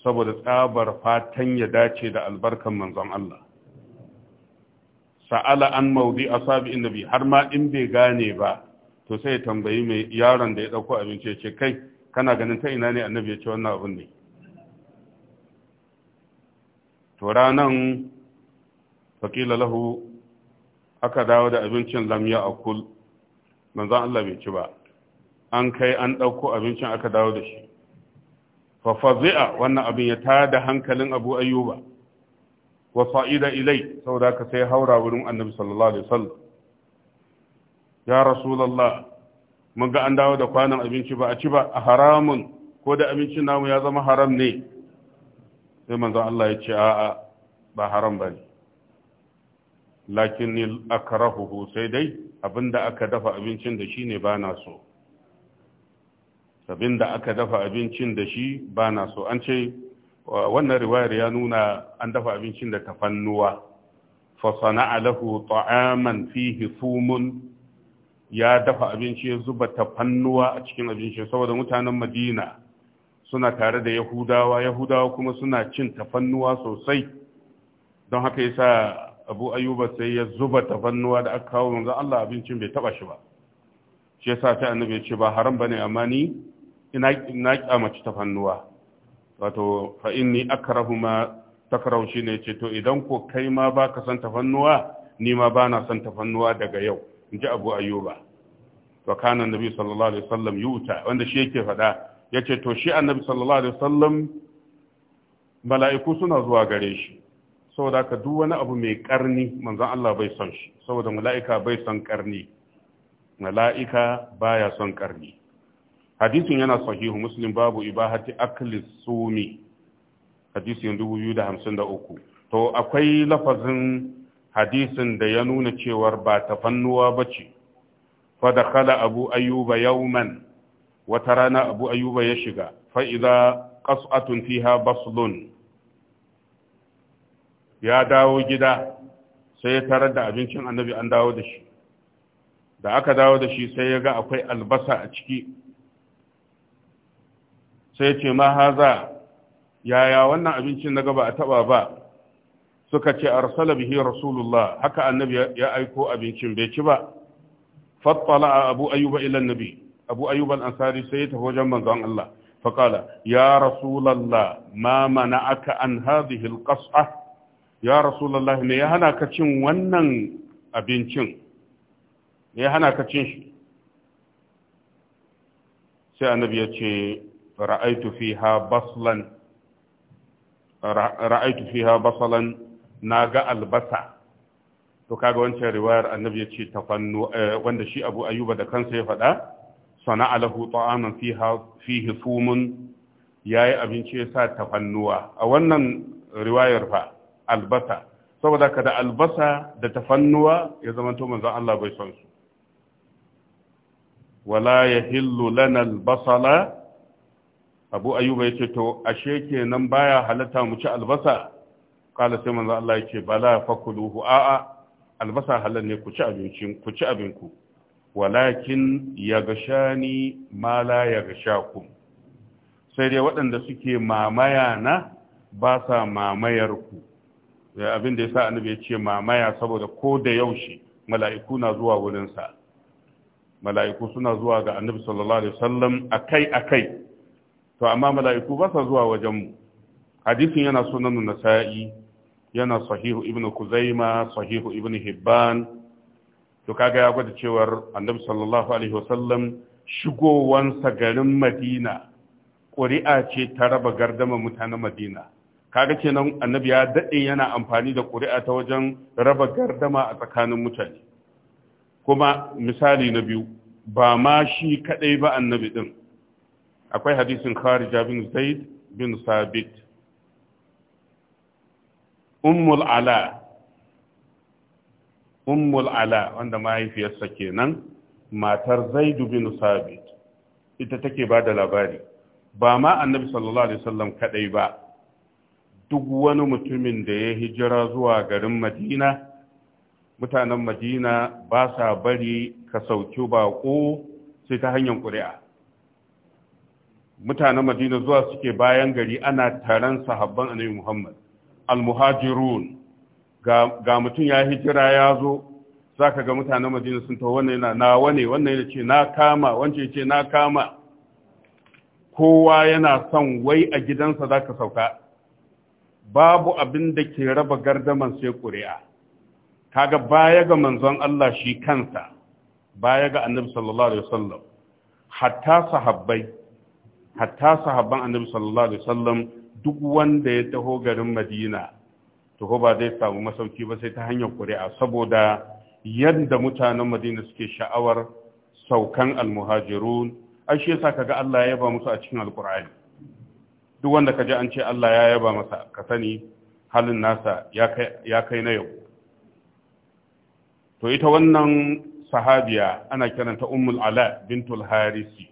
saboda tsabar fatan ya dace da albarkan manzon Allah sa'ala an maudi asabi inabi, har ma in bai gane ba to sai ya tambayi mai yaron da ya dauko abinci ya ce kai kana ganin ta ina ne annabi ya ce wannan abin ne to ranan Fakila lahu aka dawo da abincin lamya a kul manzan Allah bai ci ba an kai an ɗauko abincin aka dawo da shi fafazi'a wannan abin ya tada hankalin abu ayyuba wa sa'ida ilai saboda ka sai haura wurin annabi sallallahu alaihi wasallam ya rasulullah mun ga an dawo da kwanan abinci ba a ci ba a haramun ko da abincin namu ya zama haram ne sai manzon Allah ya ce a'a ba haram ba ne lakin ni akrahuhu sai dai abinda aka dafa abincin da shi ne bana so abinda aka dafa abincin da shi bana so an ce wannan riwayar ya nuna an dafa abincin da tafannuwa fa sana'a lahu ta'aman fihi sumun ya dafa abinci ya zuba tafannuwa a cikin abinci saboda mutanen Madina suna tare da Yahudawa Yahudawa kuma suna cin tafannuwa sosai don haka yasa Abu Ayyuba sai ya zuba tafannuwa da aka kawo manzo Allah abincin bai taba shi ba shi yasa sai annabi ya ce ba haram bane amma ni ina ina kyamaci tafannuwa wato fa inni akrahu ma takrahu shine ce to idan ko kai ma baka san tafannuwa ni ma bana san tafannuwa daga yau inji Abu Ayyuba to kana Nabi sallallahu alaihi wasallam yuta wanda shi yake faɗa yace to shi annabi sallallahu alaihi wasallam mala'iku suna zuwa gare shi saboda ka duk wani abu mai karni manzon Allah bai son shi saboda mala'ika bai san karni mala'ika baya son karni hadisin yana sahihu muslim babu ibahati akli sumi hadisin 2053 to akwai lafazin hadisin da ya nuna cewar ba ta fannuwa ba ce. fa kala abu ayyuba yauman, wata rana abu ayyuba ya shiga fa'ida ƙas'atun qas'atun fiha baslun ya dawo gida sai ya tarar da abincin annabi an dawo da shi da aka dawo da shi sai ya ga akwai albasa a ciki sai ce ma haza yaya wannan abincin na gaba a taba ba suka ce arsala bihi rasulullah haka annabi ya aiko abincin bai ci ba fattala abu ayyuba ila annabi abu ayyuba al-ansari sai ya tafi wajen manzon Allah faqala ya rasulullah ma mana'aka an hadhihi al-qas'a ya rasulullah me ya hana ka cin wannan abincin me ya hana ka cin shi sai annabi ya ce ra'aitu fiha baslan ra'aitu fiha albasa to kaga wancan riwayar annabi yace tafannu wanda shi Abu Ayyuba da kansa ya faɗa sana'a lahu ta'aman fiha fihi sumun yayi abinci ya sa tafannuwa a wannan riwayar fa albasa saboda da albasa da tafannuwa ya zamanto manzon Allah bai son su wala yahillu lana albasala abu Ayuba ya ce to ashe kenan baya halatta mu ci albasa kala sai manzo Allah ya ce bala fakuluhu a'a albasa halal ne ku ci abincin ku ci abinku walakin yagashani ma la yagashakum sai dai waɗanda suke mamaya na ba sa mamayar ku eh, abin da yasa annabi ya ce mamaya saboda ko da yaushe mala'iku na zuwa wurinsa mala'iku suna zuwa ga annabi sallallahu alaihi wasallam akai akai to amma mala'iku ba sa zuwa wajen mu hadisin yana sunan nasa'i yana sahihu ibn kuzaima sahihu ibn hibban to kaga ya gwada cewar annabi sallallahu alaihi wasallam shigowansa garin madina ƙuri'a ce ta raba gardama mutanen madina kaga kenan annabi ya daɗe yana amfani da ƙuri'a ta wajen raba gardama a tsakanin mutane kuma misali na biyu ba ma shi kaɗai ba annabi ɗin akwai hadisin kharija bin zaid bin sabit ummul ala ummul ala wanda mahaifiyarsa kenan matar zaid bin sabit ita take ba da labari ba ma annabi sallallahu alaihi wasallam kadai ba duk wani mutumin da ya hijira zuwa garin madina mutanen madina ba sa bari ka sauki baƙo sai ta hanyar ƙuri'a mutanen madina zuwa suke bayan gari ana taron sahabban annabi muhammad almuhajirun ga, ga mutum ya hijira ya zo za ka ga mutanen madina sun taho wannan yana na wane wannan yana ce na kama wancan ya ce na kama kowa yana son wai a gidansa za ka sauka babu abin da ke raba gardaman sai ƙuri'a kaga baya ga manzon Allah shi kansa baya ga annabi sallallahu alaihi wasallam hatta sahabbai hatta sahabban annabi sallallahu alaihi wasallam duk wanda ya taho garin madina taho ba zai samu masauki ba sai ta hanyar ƙuri'a saboda yadda mutanen madina suke sha'awar saukan almuhajirun ai shi yasa kaga Allah ya yaba musu a cikin alqur'ani duk wanda kaje an ce Allah ya yaba masa ka sani halin nasa ya kai ya kai na yau to ita wannan sahabiya ana kiranta ummul ala bintul harisi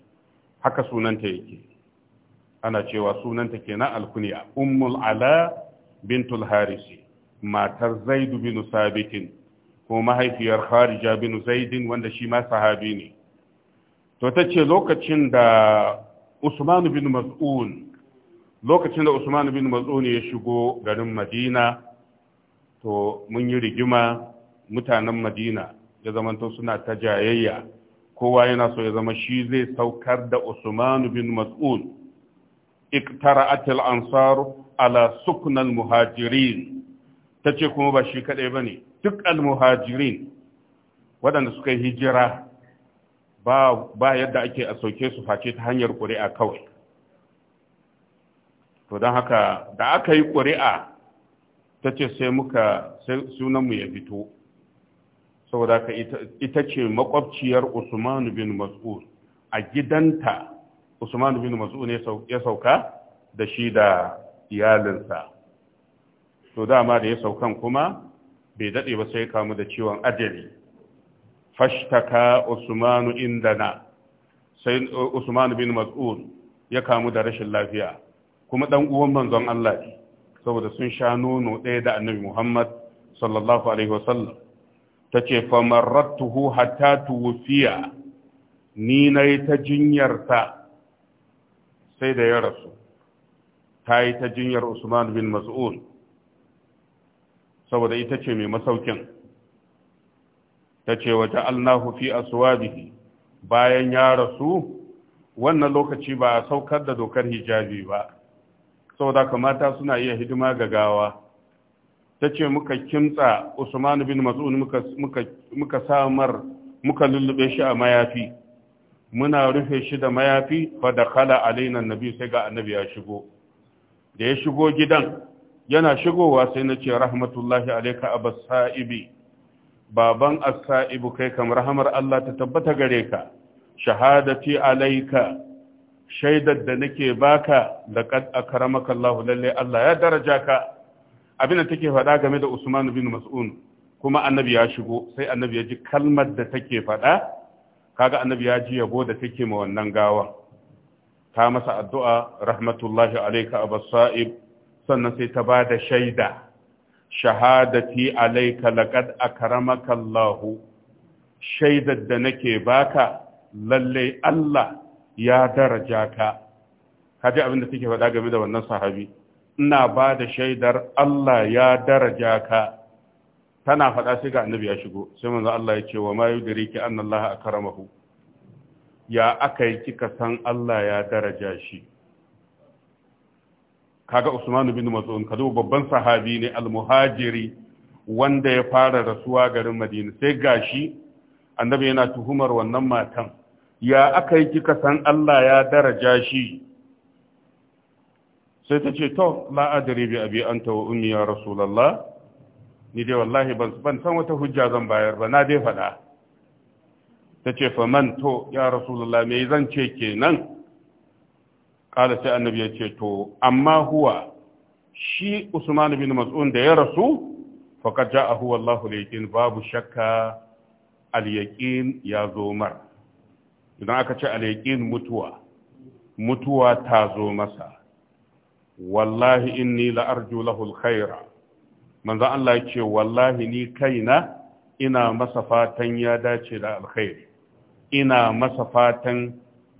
haka sunanta yake ana cewa sunanta kenan alkuniya ummul ala bintul harisi matar zaidu bin sabitin ko mahaifiyar kharija bin zaidin wanda shi ma sahabi ne to ta ce lokacin da usman bin mas'un lokacin da usman bin mas'un ya shigo garin madina to mun yi rigima mutanen madina ya zamanto suna ta jayayya kowa yana so ya zama shi zai saukar da usman bin mas'un iktara'at al-ansar ala sukna al-muhajirin tace kuma ba shi kadai bane duk al-muhajirin wadanda suka hijira ba ba yadda ake a sauke su face ta hanyar ƙuri'a kawai to dan haka da aka yi qur'a tace sai muka sunan mu ya fito saboda ka ita ce makwabciyar usman bin mas'ud a gidanta usman bin mas'ud ne ya sauka da shi da iyalinsa to dama da ya saukan kuma bai dade ba sai kamu da ciwon ajali fashtaka Usman indana sai usman bin mas'ud ya kamu da rashin lafiya kuma dan uwan manzon Allah ne saboda sun sha nono ɗaya da annabi Muhammad sallallahu alaihi wasallam tace famarratuhu hatta tuwfiya ni nayi ta jinyarta. sai da ya rasu ta yi ta jinyar usman bin mas'ud saboda ita ce mai masaukin ta ce waje allahu fi aswabihi bayan ya rasu wannan lokaci ba a saukar da dokar hijabi ba saboda kamata suna iya hidima ga gawa ta ce muka kimtsa usman bin mas'ud muka samar muka lullube shi a mayafi muna rufe shi da mayafi fa da kala alaina nabi sai ga annabi ya shigo da ya shigo gidan yana shigowa sai na ce rahmatullahi alaika abas sa'ibi baban as-sa'ibu kai kam rahamar Allah ta tabbata gare ka shahadati alaika shaidar da nake baka laqad akramaka Allah lalle Allah ya daraja ka abin da take faɗa game da Usman bin Mas'un kuma annabi ya shigo sai annabi ya ji kalmar da take faɗa kaga annabi ya ji yabo da take ma wannan gawa ta masa addu'a rahmatullahi alayka abasa'ib sannan sai ta ba da shaida shahadati alayka laqad akramaka Allah shaidar da nake baka lalle Allah ya daraja ka kaji abin da take faɗa game da wannan sahabi ina ba da shaidar Allah ya daraja ka tana faɗa sai ga annabi ya shigo sai manzo Allah ya ce wa ma ki anna Allah akramahu ya akai kika san Allah ya daraja shi kaga Usman bin Mas'ud ka babban sahabi ne al-muhajiri wanda ya fara rasuwa garin Madina sai gashi annabi yana tuhumar wannan matan ya akai kika san Allah ya daraja shi sai ta ce to la adri bi abi anta wa ummi ya rasulullah ni dai wallahi ban san wata hujja zan bayar ba na dai faɗa ta ce faman to ya rasulullah me zan ce kenan kala sai annabi ya ce to amma huwa shi usman bin mas'un da ya rasu faqad ja'ahu wallahu laykin babu shakka al-yaqin ya zo mar idan aka ce al-yaqin mutuwa mutuwa ta zo masa wallahi inni la arju lahu al-khaira manzon Allah ce wallahi ni kaina ina masa fatan ya dace da alkhairi ina masa fatan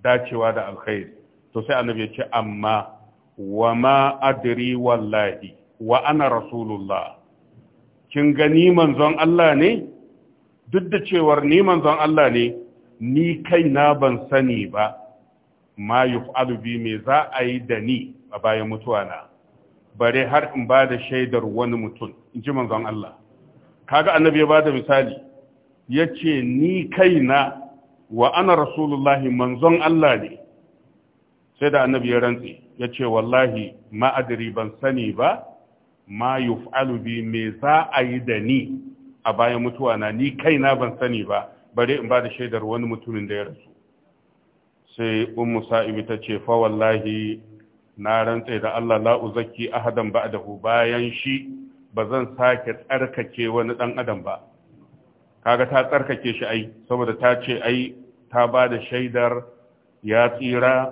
dacewa da alkhairi to sai annabi ya ce amma wa ma adri wallahi wa ana rasulullah kin gani manzon Allah ne duk da cewar ni manzon Allah ne ni kaina ban sani ba ma yuf'alu bi me za a yi da ni a bayan mutuwa na bare har in ba da shaidar wani mutum in ji manzon Allah kaga annabi ya bada misali ya ce ni kaina wa ana rasulullahi manzon Allah ne sai da annabi ya rantse ya ce wallahi ma'adiri ban sani ba ma yuf'alu bi me za a yi da ni a bayan mutuwa na ni kaina ban sani ba bare in ba da shaidar wani mutumin da ya rasu sai ummu sa'ibi ta ce fa wallahi na rantse da Allah la uzakki ahadan ba'dahu bayan shi ba zan sake tsarkake wani dan adam ba kaga ta tsarkake shi ai saboda ta ce ai ta ba da shaidar ya tsira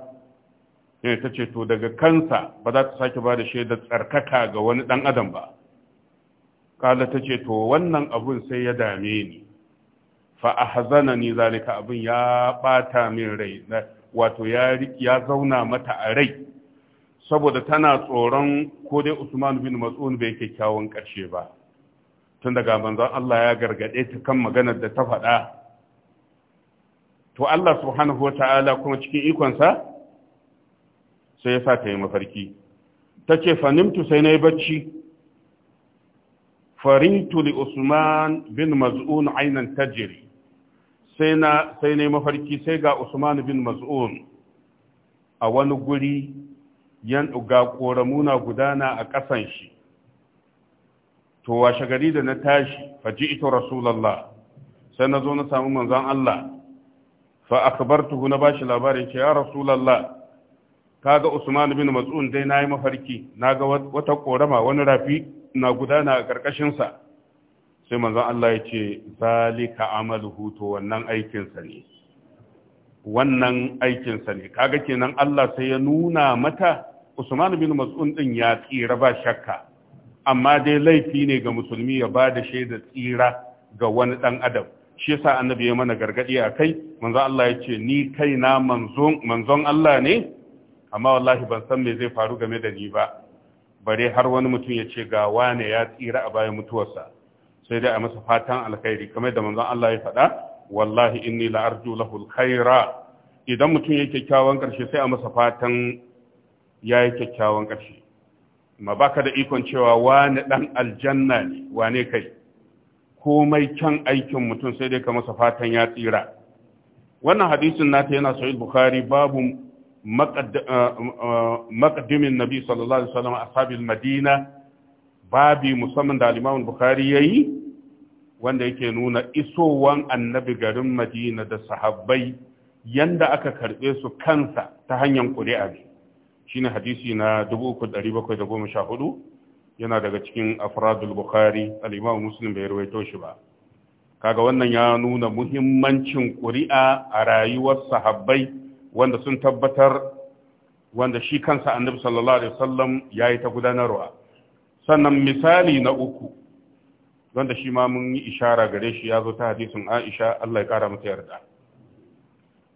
sai ta ce to daga kansa ba za ta sake ba da shaidar tsarkaka ga wani dan adam ba kala ta ce to wannan abun sai ya dame ni fa ahzana ni zalika abun ya bata min rai wato ya zauna mata a rai saboda tana tsoron ko dai Usman bin Mas'ud bai kyakkyawan ƙarshe ba tun daga manzon Allah ya gargade ta kan maganar da ta faɗa to Allah subhanahu wata'ala kuma cikin ikonsa sai ya sa ta yi mafarki ta ce fanimtu sai na yi bacci farintu li Usman bin Mas'ud ainan tajiri sai na sai na yi mafarki sai ga Usman bin Mas'ud a wani guri yan ga na gudana a ƙasan shi to washe gari da na tashi faji ito rasulallah sai na zo na samu manzon Allah fa tuhu na bashi labarin ce ya rasulallah kaga Usman bin Mas'un dai nayi mafarki naga wata korama wani rafi na gudana a karkashin sa sai manzon Allah ya ce zalika amaluhu to wannan aikin sa ne wannan aikin sa ne kaga kenan Allah sai ya nuna mata usman bin mas'ud din ya tsira ba shakka amma dai laifi ne ga musulmi ya ba da shaida tsira ga wani dan adam shi yasa annabi ya mana gargadi a kai manzo Allah ya ce ni kaina manzon manzon Allah ne amma wallahi ban san me zai faru game da ni ba bare har wani mutum ya ce ga wane ya tsira a bayan mutuwarsa sai dai a masa fatan alkhairi kamar da manzon Allah ya faɗa wallahi inni la arju lahu alkhaira idan mutum yake kyawun karshe sai a masa fatan ya yi kyakkyawan ƙarshe ma ka da ikon cewa wani ɗan aljanna ne wane kai komai kyan aikin mutum sai dai ka masa fatan ya tsira wannan hadisin nata yana sahih bukhari babu eh, eh, maqdimin nabi sallallahu alaihi wasallam ashabil madina babi musamman da al-imam bukhari yayi wanda yake nuna isowan annabi garin madina da sahabbai yanda aka karɓe su kansa ta hanyar ƙuri'a ne shine hadisi na 3714 yana daga cikin afradul bukhari al-imam muslim bai rawaito shi ba kaga wannan ya nuna muhimmancin ƙuri'a a rayuwar sahabbai wanda sun tabbatar wanda shi kansa annabi sallallahu alaihi wasallam yayi ta gudanarwa sannan misali na uku wanda shi ma mun yi ishara gare shi ya zo ta hadisin Aisha Allah ya kara mata yarda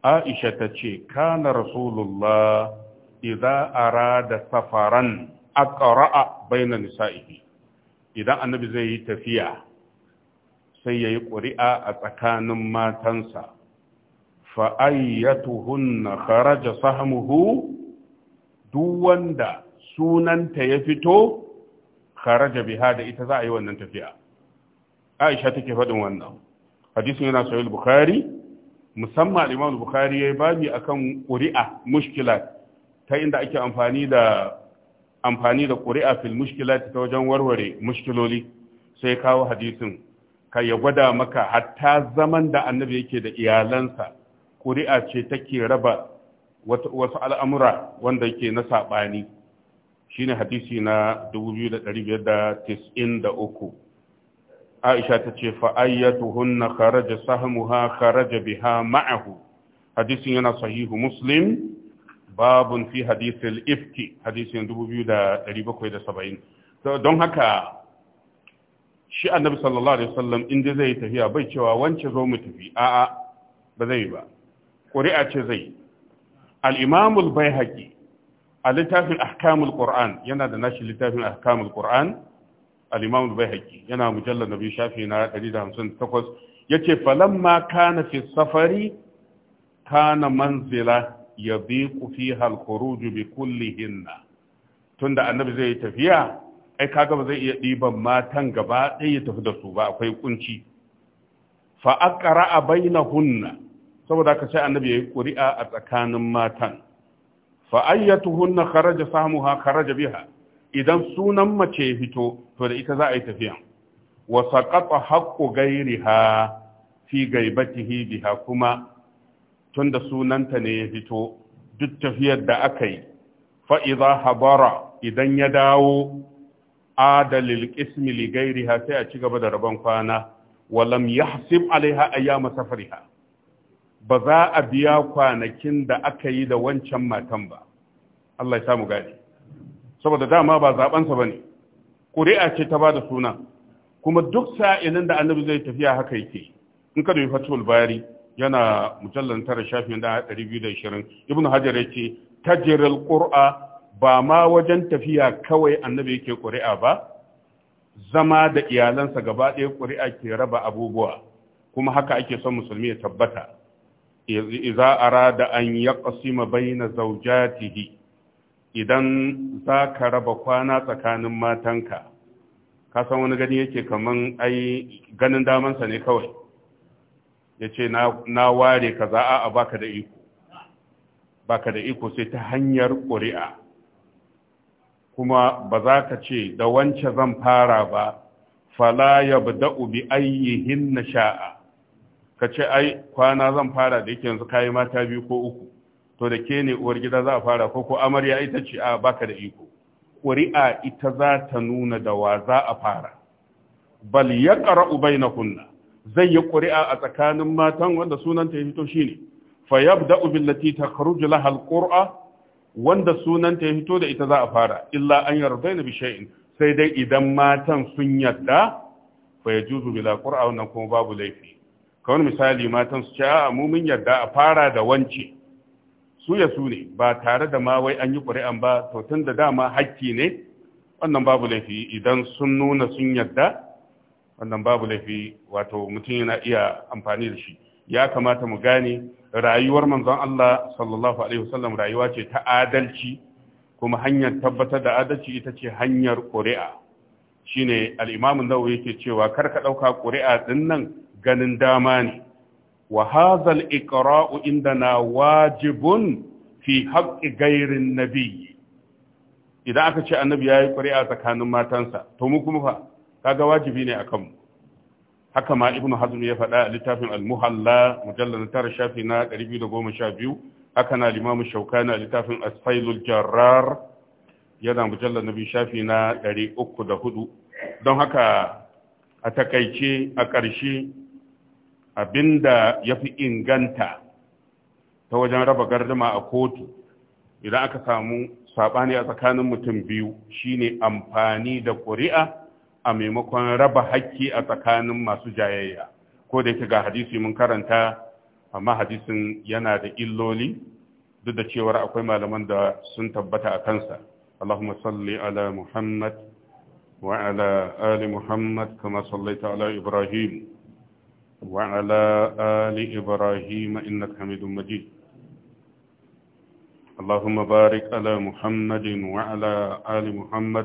Aisha ta ce kana rasulullah idza arada safaran aqra'a baina nisa'ihi idan annabi zai yi tafiya sai yayi ƙuri'a a tsakanin matansa fa ayyatuhunna kharaja sahmuhu duk wanda sunanta ya fito kharaja biha da ita za a yi wannan tafiya Aisha take faɗin wannan hadisin yana sahih bukhari musamman al-Imam bukhari yayi babi akan ƙuri'a mushkilat ta inda ake amfani da amfani da ƙuri'a fil mushkilati ta wajen warware mushkiloli sai kawo hadisin ka ya gwada maka hatta zaman da annabi yake da iyalansa ƙuri'a ce take raba wasu al'amura wanda yake na saɓani shine hadisi na 2593 aisha ta ce fa'ayyatuhunna kharaja sahmuha kharaja biha ma'ahu hadisin yana sahihu muslim babun fi hadisul ifki hadisin 2770 don haka shi annabi sallallahu alaihi wasallam in dai zai tafiya bai cewa wance zo mu tafi a'a ba zai ba ƙuri'a ce zai al imamul Bayhaqi a littafin ahkamul qur'an yana da nashi littafin ahkamul qur'an al-imam al-baihaqi yana mujallal nabi shafi na 158 yace falamma kana fi safari kana manzila ya fiha al-khuruj bi kullihinna tunda annabi zai tafiya ai kaga ba zai iya diban matan gaba ɗaya ya tafi da su ba akwai kunci fa baina hunna. saboda ka sai annabi yayi ƙuri'a a tsakanin matan fa ayyatuhunna kharaja sahmuha kharaja biha idan sunan mace ya fito to da ita za a yi tafiyan wa saqata haqqu ghayriha fi gaibatihi biha kuma tun da sunanta ne ya fito duk tafiyar da aka yi fa'iza habara idan ya dawo adalil ismi li ha sai a ci gaba da rabon kwana walam ya hasim alaiha ayyama safariha ba za a biya kwanakin da aka yi da wancan matan ba Allah ya samu gani saboda dama ba zabansa ba ne ƙuri'a ce ta ba da suna kuma duk sa'ilin da annabi zai tafiya haka yake in ka dubi fatul bari yana mujallar tara shafin da 220 ibnu hajar yace tajril ƙura ba ma wajen tafiya kawai annabi yake ƙuri'a ba zama da iyalansa gaba ɗaya ƙuri'a ke raba abubuwa kuma haka ake son musulmi ya tabbata ra arada an yaqsima baina zawjatihi idan za ka raba kwana tsakanin matanka ka san wani gani yake kaman ai ganin damansa ne kawai ya ce na ware ka za a baka da iko baka da iko sai ta hanyar ƙuri'a kuma ba za ka ce da wance zan fara ba fala ya bada'u bi ayyihin na sha'a ka ce ai kwana zan fara da yake yanzu kayi mata biyu ko uku to da ke ne uwar gida za a fara ko ko amarya ita ce a baka da iko ƙuri'a ita za ta nuna da wa za a fara bal ya ƙara'u bai na kunna zai yi ƙuri'a a tsakanin matan wanda sunanta ya fito shine fa yabda'u billati takhruju laha alqur'a wanda sunanta ya fito da ita za a fara illa an yardaina bi shay'in sai dai idan matan sun yadda fa yajuzu bila qur'a wannan kuma babu laifi kawai misali matan su ce a mu mun yadda a fara da wance su ya su ne ba tare da ma wai an yi ƙuri'an ba to tun da dama hakki ne wannan babu laifi idan sun nuna sun yadda wannan babu laifi wato mutum yana iya amfani da shi ya kamata mu gane rayuwar manzon Allah sallallahu alaihi wasallam rayuwa ce ta adalci kuma hanyar tabbatar da adalci ita ce hanyar ƙuri'a shine al-Imam nawawi yake cewa kar ka dauka ƙuri'a din nan ganin dama ne wa hadha al-iqra'u indana wajibun fi haqqi ghairin nabiy idan aka ce annabi yayi ƙuri'a tsakanin matansa to mu kuma fa kaga wajibi ne akan mu haka ma ibn hazm ya faɗa a littafin al-muhalla mujallal tara shafi na 212 haka na limamu shaukani a littafin asfailul jarrar yana mujallal nabi shafi na 304 don haka a takaice a ƙarshe abinda ya fi inganta ta wajen raba gardama a kotu idan aka samu saɓani a tsakanin mutum biyu shine amfani da ƙuri'a a maimakon raba hakki a tsakanin masu jayayya ko da yake ga hadisi mun karanta amma hadisin yana da illoli duk da cewar akwai malaman da sun tabbata a kansa Allahumma salli ala Muhammad wa ala ali Muhammad kama sallaita ala Ibrahim wa ala ali Ibrahim innaka Hamidum Majid اللهم بارك على محمد وعلى Ali Muhammad.